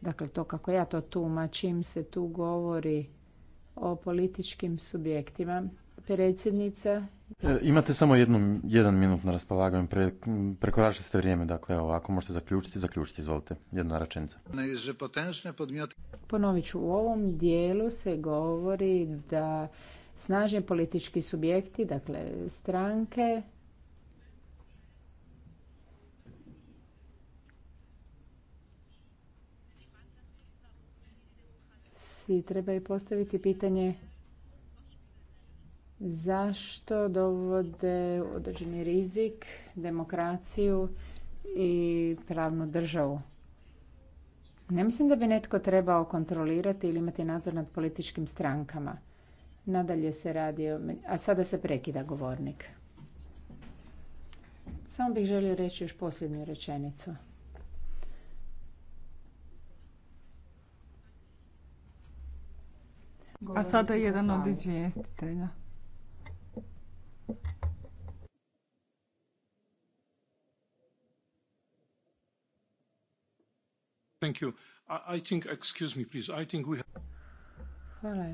Dakle, to kako ja to tumačim se tu govori o političkim subjektima. Predsjednica E, imate samo jednu, jedan minut na raspolaganju, pre, prekoračili ste vrijeme, dakle evo, ako možete zaključiti, zaključiti, izvolite, jedna rečenica. Ponovit ću, u ovom dijelu se govori da snažni politički subjekti, dakle stranke, si trebaju postaviti pitanje zašto dovode određeni rizik, demokraciju i pravnu državu. Ne mislim da bi netko trebao kontrolirati ili imati nadzor nad političkim strankama. Nadalje se radi A sada se prekida govornik. Samo bih želio reći još posljednju rečenicu. A sada jedan od izvjestitelja. Hvala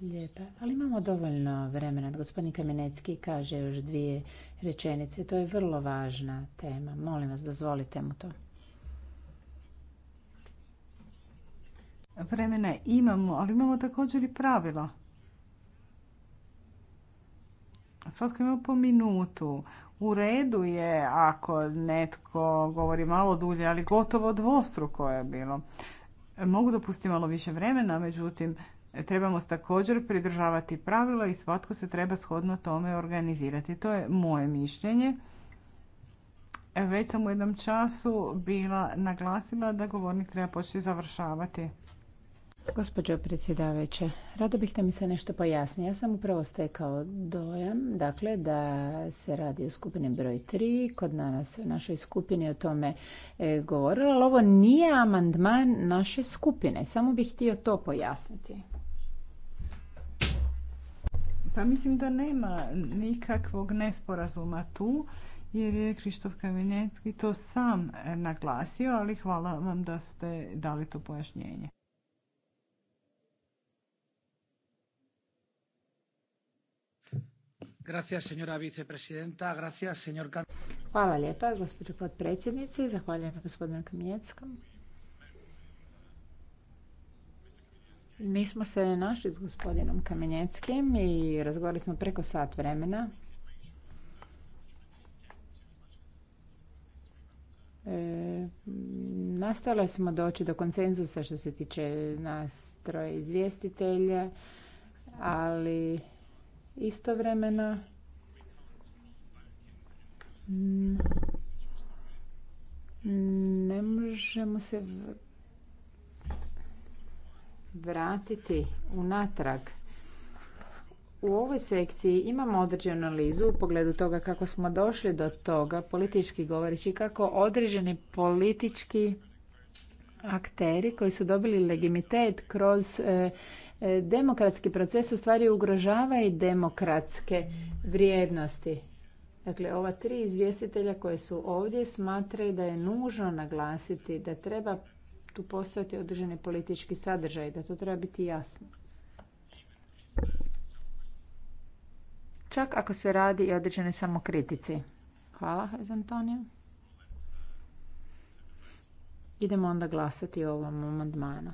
lijepa. Ali imamo dovoljno vremena. Gospodin Kamenecki kaže još dvije rečenice. To je vrlo važna tema. Molim vas, dozvolite mu to. Vremena imamo, ali imamo također i pravila. Svatko ima po minutu. U redu je ako netko govori malo dulje, ali gotovo dvostruko je bilo. Mogu dopustiti malo više vremena, međutim, trebamo se također pridržavati pravila i svatko se treba shodno tome organizirati. To je moje mišljenje. Već sam u jednom času bila naglasila da govornik treba početi završavati. Gospođo predsjedavajuća, rado bih da mi se nešto pojasni. Ja sam upravo stekao dojam, dakle, da se radi o skupini broj 3, kod nas u našoj skupini o tome e, govorila, ali ovo nije amandman naše skupine, samo bih htio to pojasniti. Pa mislim da nema nikakvog nesporazuma tu, jer je Krištof Kamenecki to sam naglasio, ali hvala vam da ste dali to pojašnjenje. Gracias, señora vicepresidenta. Gracias, señor Hvala lijepa, gospođo potpredsjednici. Zahvaljujem gospodinu Kamijeckom. Mi smo se našli s gospodinom Kamenjeckim i razgovarali smo preko sat vremena. E, nastojali smo doći do konsenzusa što se tiče troje izvjestitelja, ali istovremeno ne možemo se vratiti unatrag. U ovoj sekciji imamo određenu analizu u pogledu toga kako smo došli do toga, politički govoreći, kako određeni politički akteri koji su dobili legitimitet kroz e, e, demokratski proces u stvari ugrožava i demokratske vrijednosti. Dakle, ova tri izvjestitelja koje su ovdje smatraju da je nužno naglasiti da treba tu postojati određeni politički sadržaj, da to treba biti jasno. Čak ako se radi i određene samokritici. Hvala, Antonija. Idemo onda glasati o ovom amandmanu.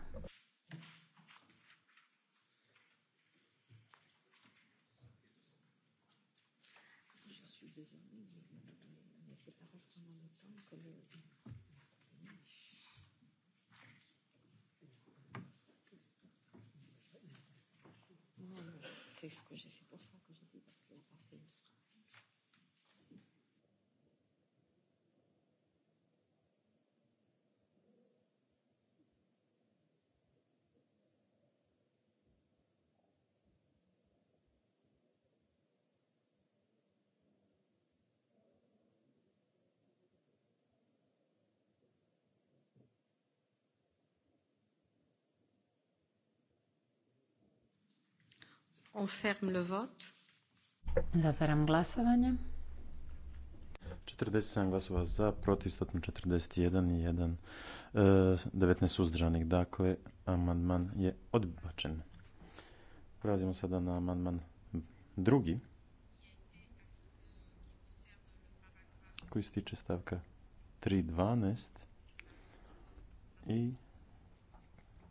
C'est ce que j'ai On ferme le vote. Zatvaram glasovanje. 47 glasova za, protiv 141 i 1, 19 e, suzdržanih. Dakle, amandman je odbačen. Prelazimo sada na amandman drugi, koji se tiče stavka 3.12 i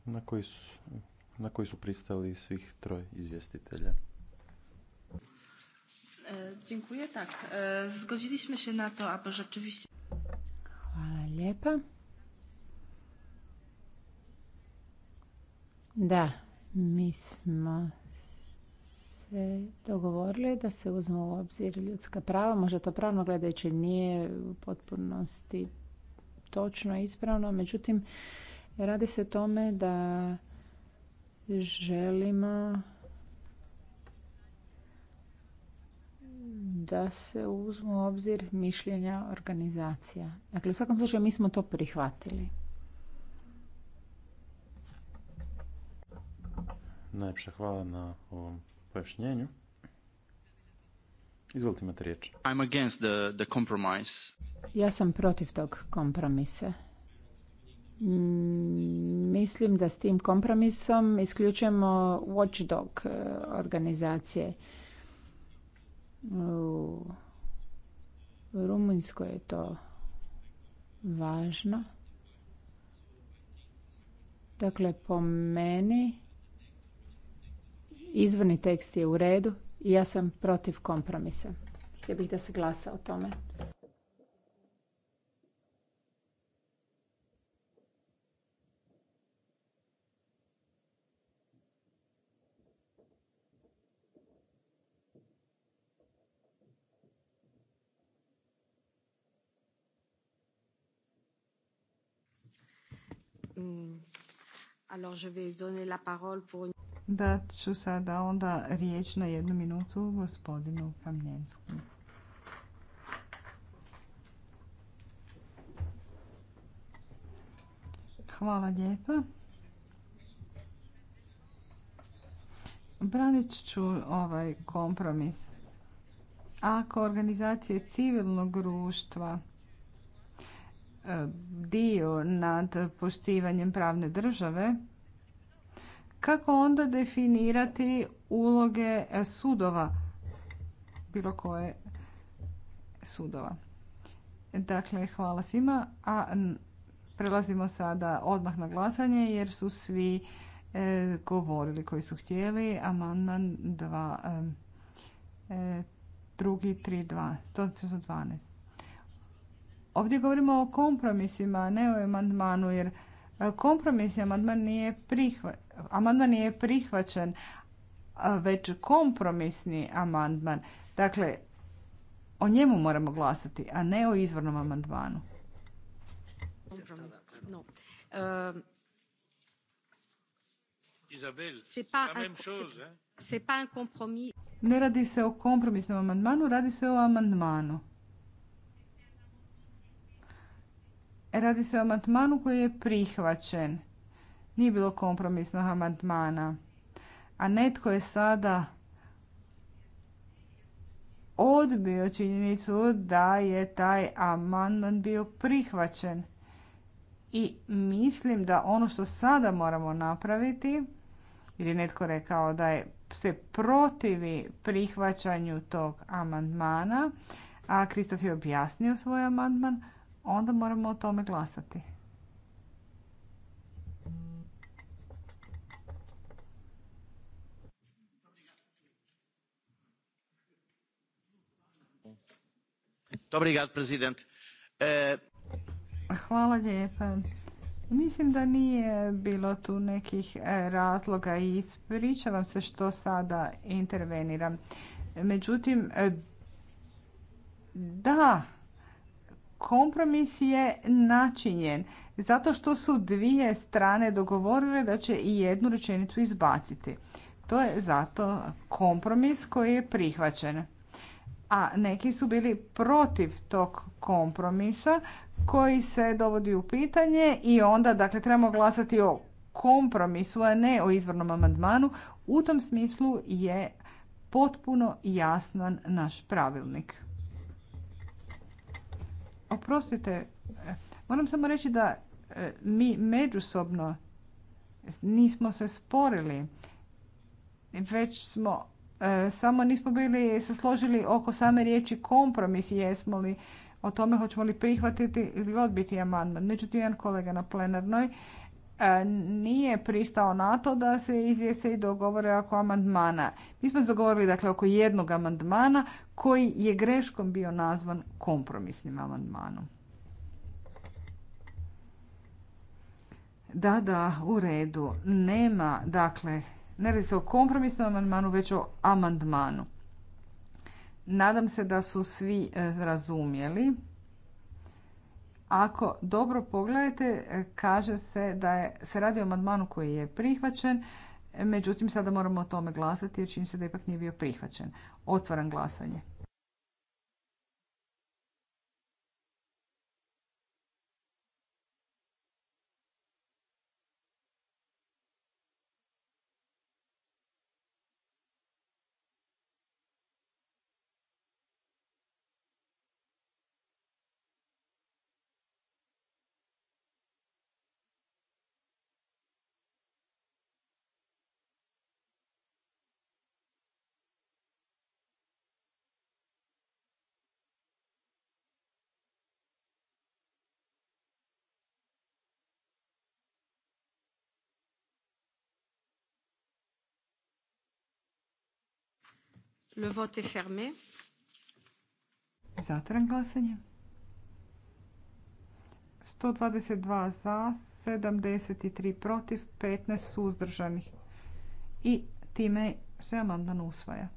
na koji su, na koji su pristali svih troj izvjestitelja. E, dziękuję, tak. E, zgodziliśmy się na to, aby rzeczywiście... Hvala lijepa. Da, mi smo se dogovorili da se uzmu u obzir ljudska prava. Možda to pravno gledajući nije u potpunosti točno ispravno, međutim radi se o tome da želimo da se uzmu u obzir mišljenja organizacija. Dakle, u svakom slučaju mi smo to prihvatili. Najpša hvala na ovom pojašnjenju. Izvolite imate riječ. Ja sam protiv tog kompromisa. Mm, mislim da s tim kompromisom isključujemo watchdog e, organizacije. U Rumunjskoj je to važno. Dakle, po meni izvorni tekst je u redu i ja sam protiv kompromisa. Htio bih da se glasa o tome. alors Dat ću sada onda riječ na jednu minutu gospodinu Kamljenskom. Hvala lijepa. Branit ću ovaj kompromis. Ako organizacije civilnog društva e, dio nad poštivanjem pravne države, kako onda definirati uloge e, sudova, bilo koje sudova? Dakle, hvala svima, a prelazimo sada odmah na glasanje jer su svi e, govorili koji su htjeli. Amandman 2, e, e, drugi 3, 2, 12. Ovdje govorimo o kompromisima, ne o amandmanu jer Kompromisni amandman nije, prihva, amandman nije prihvaćen, već kompromisni amandman. Dakle, o njemu moramo glasati, a ne o izvornom amandmanu. ne radi se o kompromisnom amandmanu, radi se o amandmanu. Radi se o amandmanu koji je prihvaćen. Nije bilo kompromisnog amandmana. A netko je sada odbio činjenicu da je taj amandman bio prihvaćen. I mislim da ono što sada moramo napraviti, jer je netko rekao da je, se protivi prihvaćanju tog amandmana, a Kristof je objasnio svoj amandman, onda moramo o tome glasati. E, Hvala lijepa. Mislim da nije bilo tu nekih e, razloga i ispričavam se što sada interveniram. Međutim, e, da, kompromis je načinjen zato što su dvije strane dogovorile da će i jednu rečenicu izbaciti. To je zato kompromis koji je prihvaćen. A neki su bili protiv tog kompromisa koji se dovodi u pitanje i onda dakle trebamo glasati o kompromisu, a ne o izvornom amandmanu. U tom smislu je potpuno jasan naš pravilnik. Oprostite, e, moram samo reći da e, mi međusobno nismo se sporili, već smo e, samo nismo bili se složili oko same riječi kompromis jesmo li o tome hoćemo li prihvatiti ili odbiti amandman. Međutim, jedan kolega na plenarnoj E, nije pristao na to da se izvijeste i dogovore oko amandmana. Mi smo dogovorili dakle oko jednog amandmana koji je greškom bio nazvan kompromisnim amandmanom. Da, da, u redu. Nema, dakle, ne radi se o kompromisnom amandmanu, već o amandmanu. Nadam se da su svi e, razumjeli. Ako dobro pogledate, e, kaže se da je, se radi o amandmanu koji je prihvaćen, međutim sada moramo o tome glasati jer čini se da ipak nije bio prihvaćen. Otvaram glasanje. Le vote est fermé. Zatvaram glasanje. 122 za, 73 protiv, 15 suzdržanih. I time se amandman usvaja.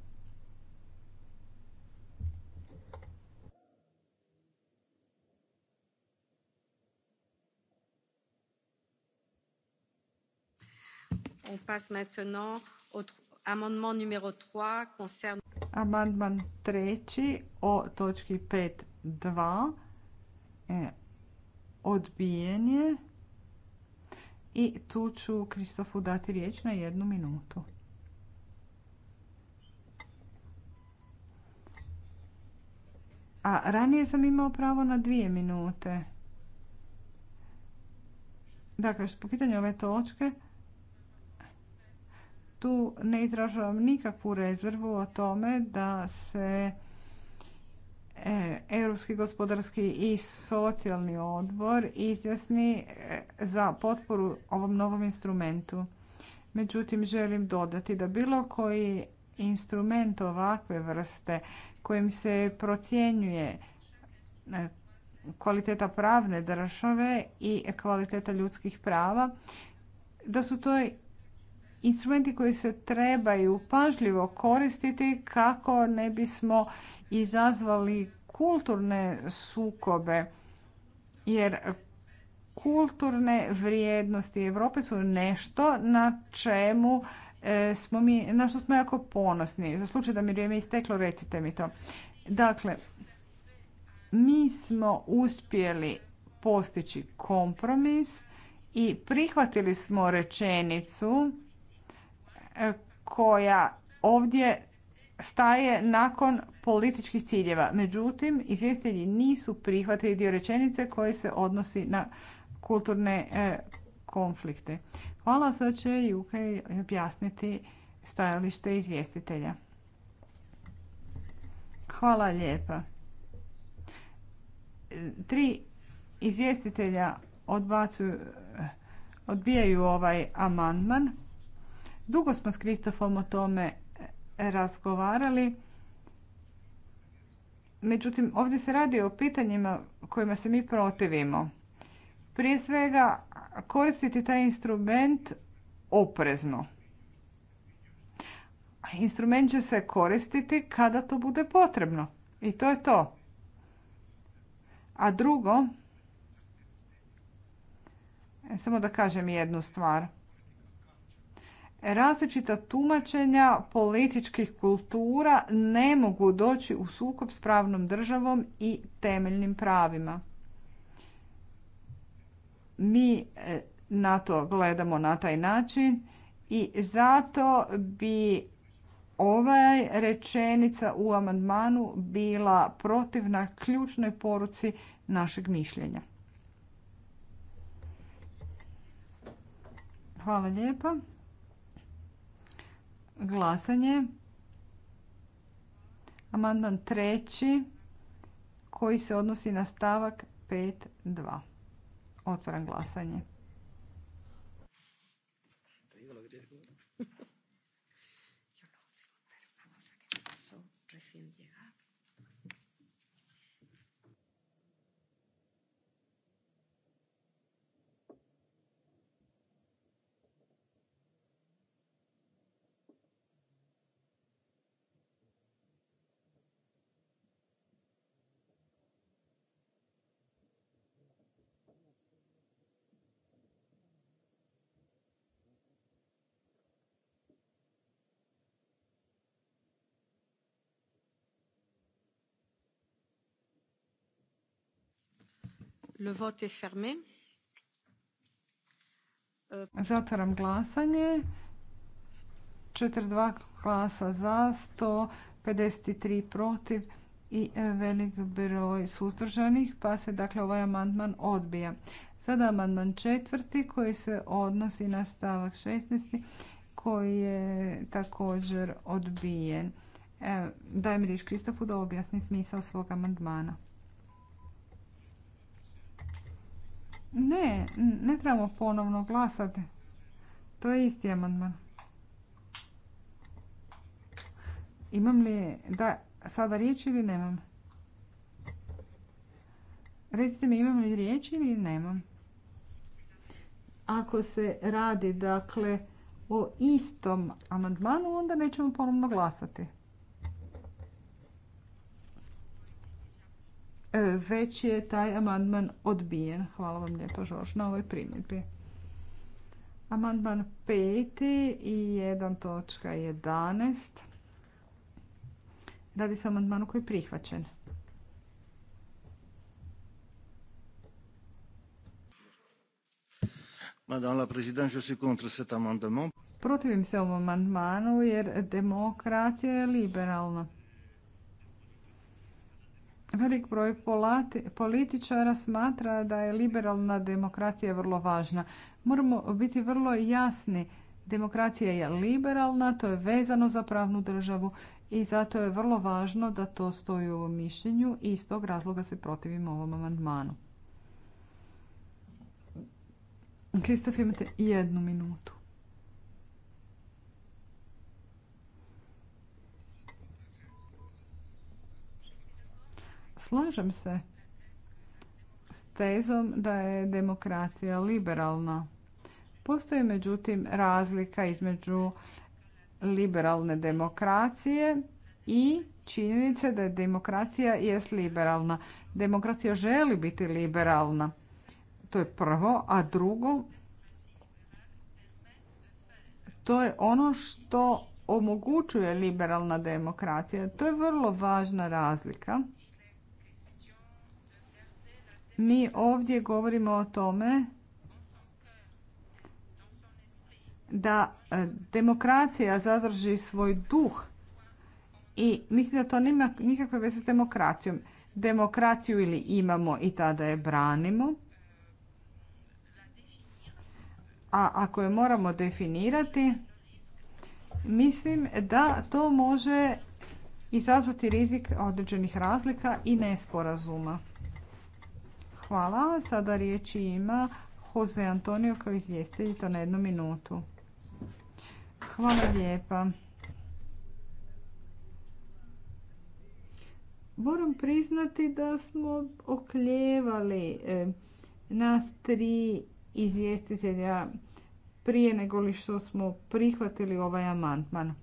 On passe maintenant au Amandman numero 3 concerne... Amandman treći o točki 5.2 e, odbijen je i tu ću Kristofu dati riječ na jednu minutu. A ranije sam imao pravo na dvije minute. Dakle, što po pitanju ove točke, tu ne izražavam nikakvu rezervu o tome da se e, Europski gospodarski i socijalni odbor izjasni e, za potporu ovom novom instrumentu. Međutim, želim dodati da bilo koji instrument ovakve vrste kojim se procjenjuje e, kvaliteta pravne države i kvaliteta ljudskih prava, da su to instrumenti koji se trebaju pažljivo koristiti kako ne bismo izazvali kulturne sukobe jer kulturne vrijednosti Europe su nešto na čemu e, smo mi, na što smo jako ponosni. Za slučaj da mi vrijeme isteklo, recite mi to. Dakle, mi smo uspjeli postići kompromis i prihvatili smo rečenicu koja ovdje staje nakon političkih ciljeva. Međutim, izvjestitelji nisu prihvatili dio rečenice koji se odnosi na kulturne e, konflikte. Hvala, sad će Juke objasniti stajalište izvjestitelja. Hvala lijepa. Tri izvjestitelja odbijaju ovaj amandman. Dugo smo s Kristofom o tome e, razgovarali. Međutim, ovdje se radi o pitanjima kojima se mi protivimo. Prije svega, koristiti taj instrument oprezno. Instrument će se koristiti kada to bude potrebno. I to je to. A drugo, e, samo da kažem jednu stvar – različita tumačenja političkih kultura ne mogu doći u sukob s pravnom državom i temeljnim pravima. Mi e, na to gledamo na taj način i zato bi ovaj rečenica u amandmanu bila protivna ključnoj poruci našeg mišljenja. Hvala lijepa glasanje. Amandman treći koji se odnosi na stavak 5.2. Otvaram glasanje. Le vote est fermé. E, zatvaram glasanje. 42 glasa za, 153 protiv i e, velik broj suzdržanih, pa se dakle ovaj amandman odbija. Sada amandman četvrti koji se odnosi na stavak 16. koji je također odbijen. E, dajem riječ Kristofu da objasni smisao svog amandmana. Ne, ne trebamo ponovno glasati. To je isti amandman. Imam li da sada riječ ili nemam? Recite mi imam li riječ ili nemam? Ako se radi dakle o istom amandmanu, onda nećemo ponovno glasati. već je taj amandman odbijen. Hvala vam lijepo, Žoš, na ovoj primjedbi. Amandman 5. i 1.11. Radi se o amandmanu koji je prihvaćen. Madame la Présidente, je suis contre cet amendement. Protivim se ovom amandmanu jer demokracija je liberalna. Velik broj političara smatra da je liberalna demokracija vrlo važna. Moramo biti vrlo jasni. Demokracija je liberalna, to je vezano za pravnu državu i zato je vrlo važno da to stoji u ovom mišljenju i iz tog razloga se protivimo ovom amandmanu. Kristof, imate jednu minutu. Slažem se s tezom da je demokracija liberalna. Postoji međutim razlika između liberalne demokracije i činjenice da je demokracija jest liberalna. Demokracija želi biti liberalna. To je prvo, a drugo to je ono što omogućuje liberalna demokracija. To je vrlo važna razlika. Mi ovdje govorimo o tome da e, demokracija zadrži svoj duh i mislim da to nema nikakve veze s demokracijom. Demokraciju ili imamo i tada je branimo, a ako je moramo definirati, mislim da to može izazvati rizik određenih razlika i nesporazuma. Hvala. Sada riječ ima Jose Antonio kao izvjestitelj to na jednu minutu. Hvala lijepa. Moram priznati da smo okljevali e, nas tri izvjestitelja prije nego li što smo prihvatili ovaj amandman.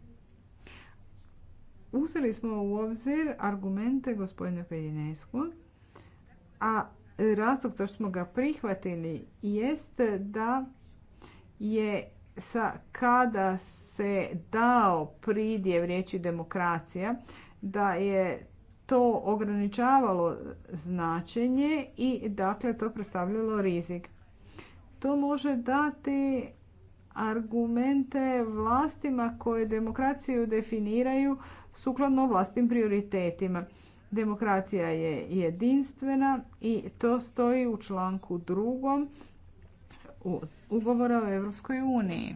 Uzeli smo u obzir argumente gospodine Pelinesku, a razlog zašto smo ga prihvatili jest da je sa kada se dao pridjev riječi demokracija, da je to ograničavalo značenje i dakle to predstavljalo rizik. To može dati argumente vlastima koje demokraciju definiraju sukladno vlastim prioritetima. Demokracija je jedinstvena i to stoji u članku drugom ugovora o Europskoj uniji.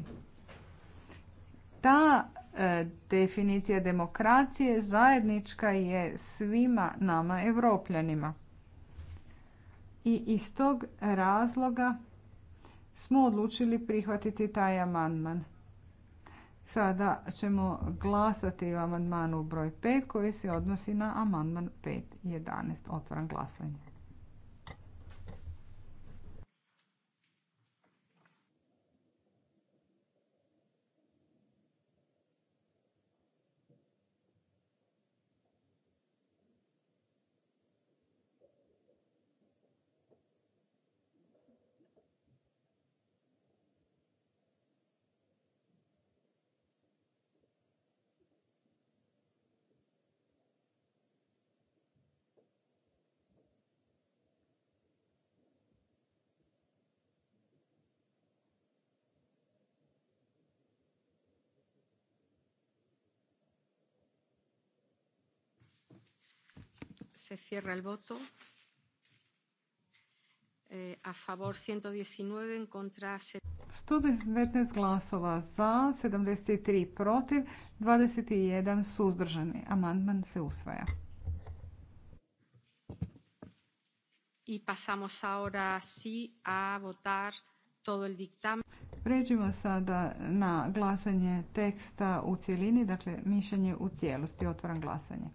Ta e, definicija demokracije zajednička je svima nama evropljanima. I iz tog razloga smo odlučili prihvatiti taj amandman. Sada ćemo glasati o amandmanu broj 5 koji se odnosi na amandman 5.11. Otvaram glasanje. Se cierra el voto. Eh, a favor 119, en contra... 119 glasova za, 73 protiv, 21 suzdržani. Amandman se usvaja. I pasamos ahora sí a votar todo el dictamen. Pređimo sada na glasanje teksta u cjelini, dakle mišljenje u cijelosti. Otvaram glasanje.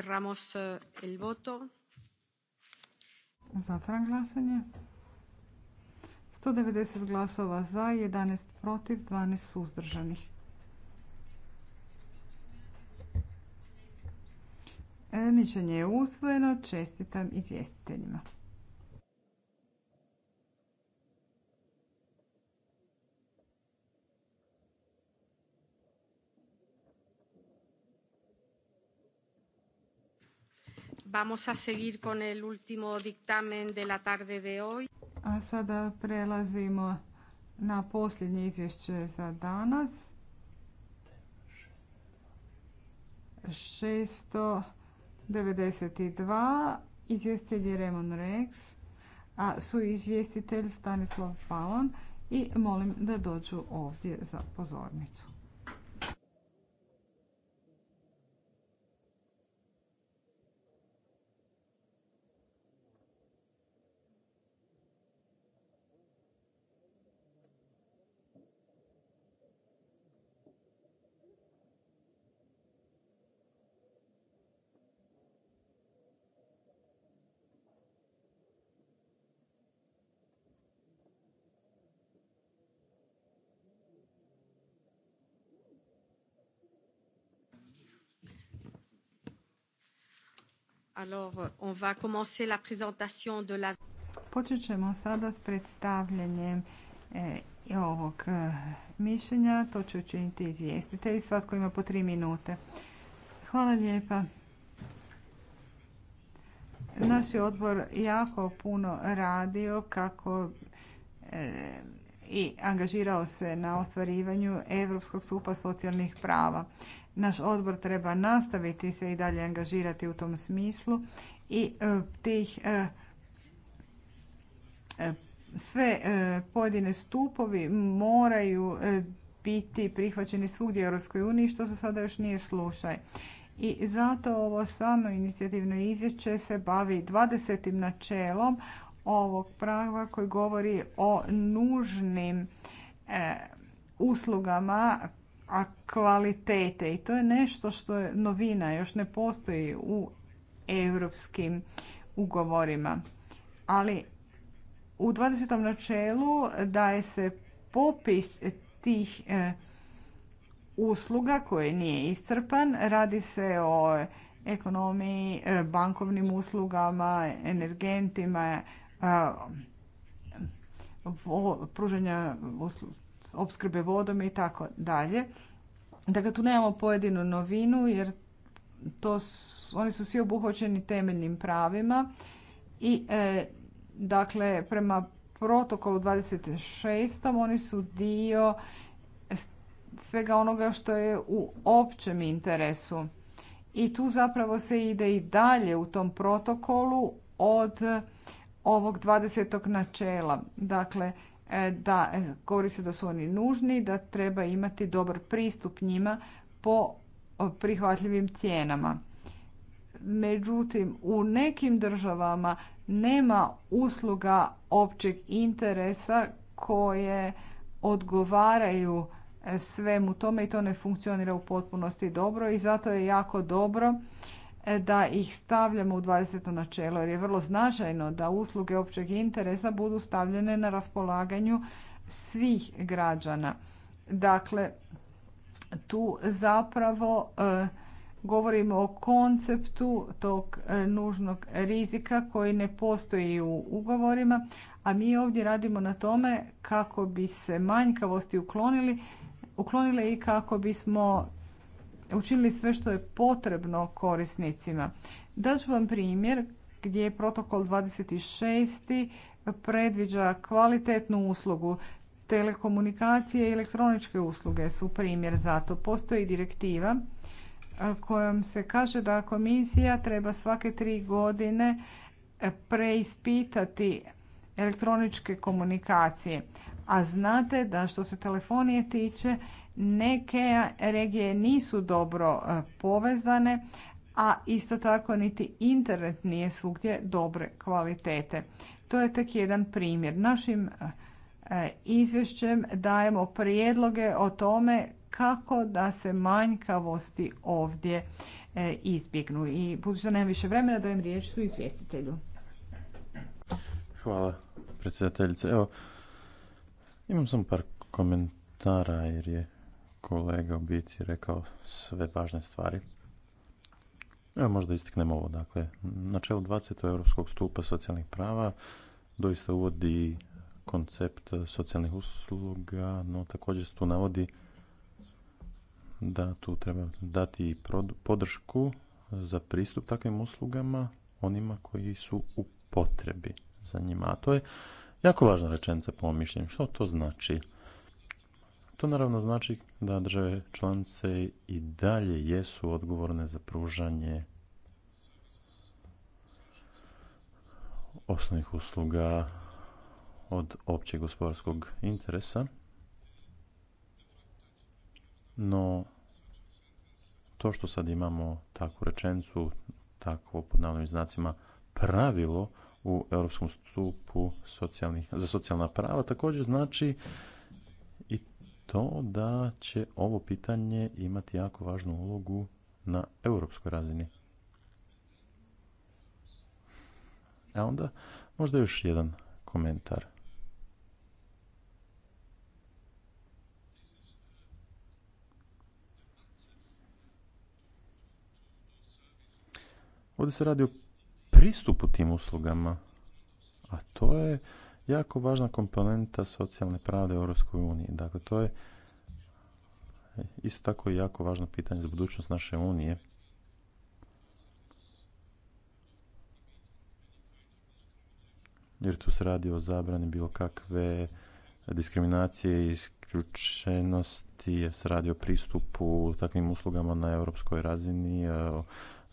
Cerramos eh, el voto. Zatvaram glasanje. 190 glasova za, 11 protiv, 12 suzdržanih. E, mišljenje je usvojeno. Čestitam izvjestiteljima. Vamos a seguir con el último dictamen de la tarde de hoy. A sada prelazimo na posljednje izvješće za danas. 692 izvjestitelj izvjestitelji Remon Rex, a su izvjestitelj Stanislav Palon i molim da dođu ovdje za pozornicu. Alors, on va commencer la présentation de la... Počet ćemo sada s predstavljanjem eh, ovog eh, mišljenja. To će učiniti izvjestitelj. Svatko ima po tri minute. Hvala lijepa. Naš je odbor jako puno radio kako eh, i angažirao se na ostvarivanju Europskog stupa socijalnih prava. Naš odbor treba nastaviti se i dalje angažirati u tom smislu i e, tih e, e, sve pojedine stupovi moraju biti prihvaćeni svugdje u EU, što za sada još nije slušaj. I zato ovo samo inicijativno izvješće se bavi 20. načelom ovog prava koji govori o nužnim e, uslugama a kvalitete i to je nešto što je novina, još ne postoji u europskim ugovorima. Ali u 20. načelu daje se popis tih e, usluga koji nije istrpan. Radi se o ekonomiji, e, bankovnim uslugama, energentima, pružanja opskrbe vodom i tako dalje. Dakle, tu nemamo pojedinu novinu jer to oni su svi obuhvaćeni temeljnim pravima i e, dakle prema protokolu 26. oni su dio svega onoga što je u općem interesu. I tu zapravo se ide i dalje u tom protokolu od ovog 20. načela. Dakle, e, da e, govori se da su oni nužni, da treba imati dobar pristup njima po prihvatljivim cijenama. Međutim, u nekim državama nema usluga općeg interesa koje odgovaraju e, svemu tome i to ne funkcionira u potpunosti dobro i zato je jako dobro da ih stavljamo u 20. načelo jer je vrlo značajno da usluge općeg interesa budu stavljene na raspolaganju svih građana. Dakle, tu zapravo e, govorimo o konceptu tog e, nužnog rizika koji ne postoji u ugovorima, a mi ovdje radimo na tome kako bi se manjkavosti uklonili, uklonili i kako bismo učinili sve što je potrebno korisnicima. Daću vam primjer gdje je protokol 26. predviđa kvalitetnu uslugu. Telekomunikacije i elektroničke usluge su primjer za to. Postoji direktiva kojom se kaže da komisija treba svake tri godine e, preispitati elektroničke komunikacije. A znate da što se telefonije tiče, Neke regije nisu dobro e, povezane, a isto tako niti internet nije svugdje dobre kvalitete. To je tek jedan primjer. Našim e, izvješćem dajemo prijedloge o tome kako da se manjkavosti ovdje e, izbjegnu. I budući da nemam više vremena, dajem riječ su izvjestitelju. Hvala, predsjedateljice. Evo, imam samo par komentara jer je kolega u biti rekao sve važne stvari. Evo možda istiknemo ovo. Dakle, čelu 20. europskog stupa socijalnih prava doista uvodi koncept socijalnih usluga, no također se tu navodi da tu treba dati podršku za pristup takvim uslugama onima koji su u potrebi za njima. A to je jako važna rečenica po mišljenju. Što to znači? To naravno znači da države članice i dalje jesu odgovorne za pružanje osnovnih usluga od općeg gospodarskog interesa, no to što sad imamo takvu rečenicu, takvo pod navodnim znacima pravilo u Europskom stupu za socijalna prava također znači to da će ovo pitanje imati jako važnu ulogu na europskoj razini. A onda možda još jedan komentar. Ovdje se radi o pristupu tim uslugama, a to je jako važna komponenta socijalne pravde u Europskoj uniji. Dakle, to je isto tako jako važno pitanje za budućnost naše unije. Jer tu se radi o zabrani bilo kakve diskriminacije i isključenosti, jer se radi o pristupu takvim uslugama na europskoj razini, o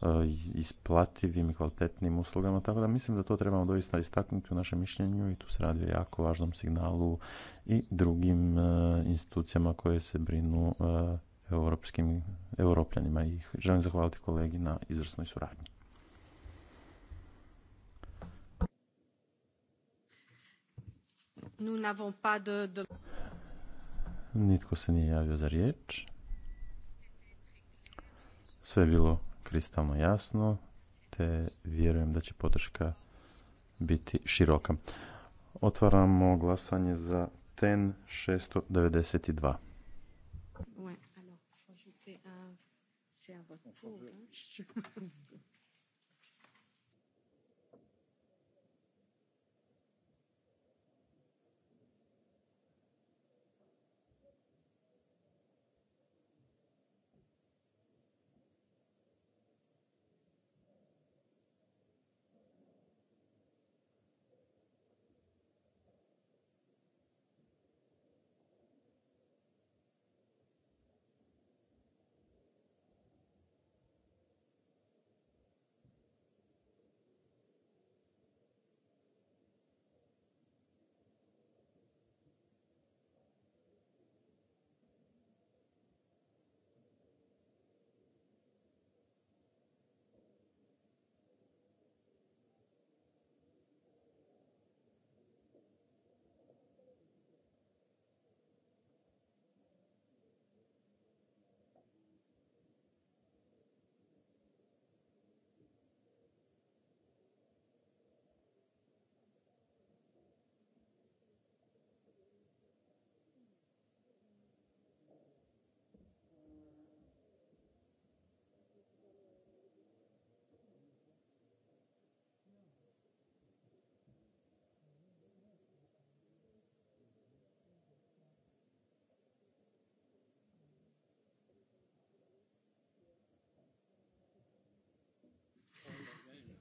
Eh, isplativim i kvalitetnim uslugama, tako da mislim da to trebamo doista istaknuti u našem mišljenju i tu se radi o jako važnom signalu i drugim eh, institucijama koje se brinu eh, europskim europljanima i želim zahvaliti kolegi na izvrsnoj suradnji. Nitko se nije javio za riječ. Sve je bilo kristalno jasno, te vjerujem da će podrška biti široka. Otvaramo glasanje za TEN 692.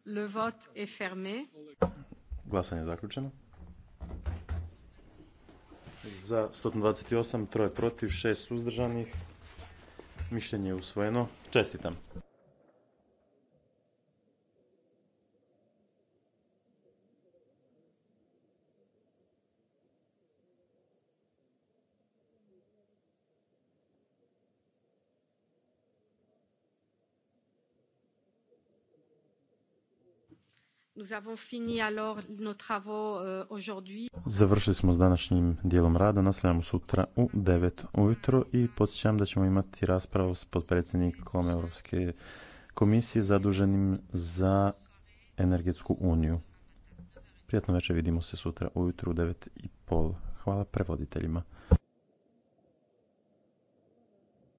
Le Glasanje je zaključeno. Za 128, troje protiv, šest suzdržanih. Mišljenje je usvojeno. Čestitam. Euh, Završili smo s današnjim dijelom rada, nastavljamo sutra u 9 ujutro i podsjećam da ćemo imati raspravu s podpredsjednikom Europske komisije zaduženim za energetsku uniju. Prijatno večer, vidimo se sutra ujutro u 9.30. Hvala prevoditeljima.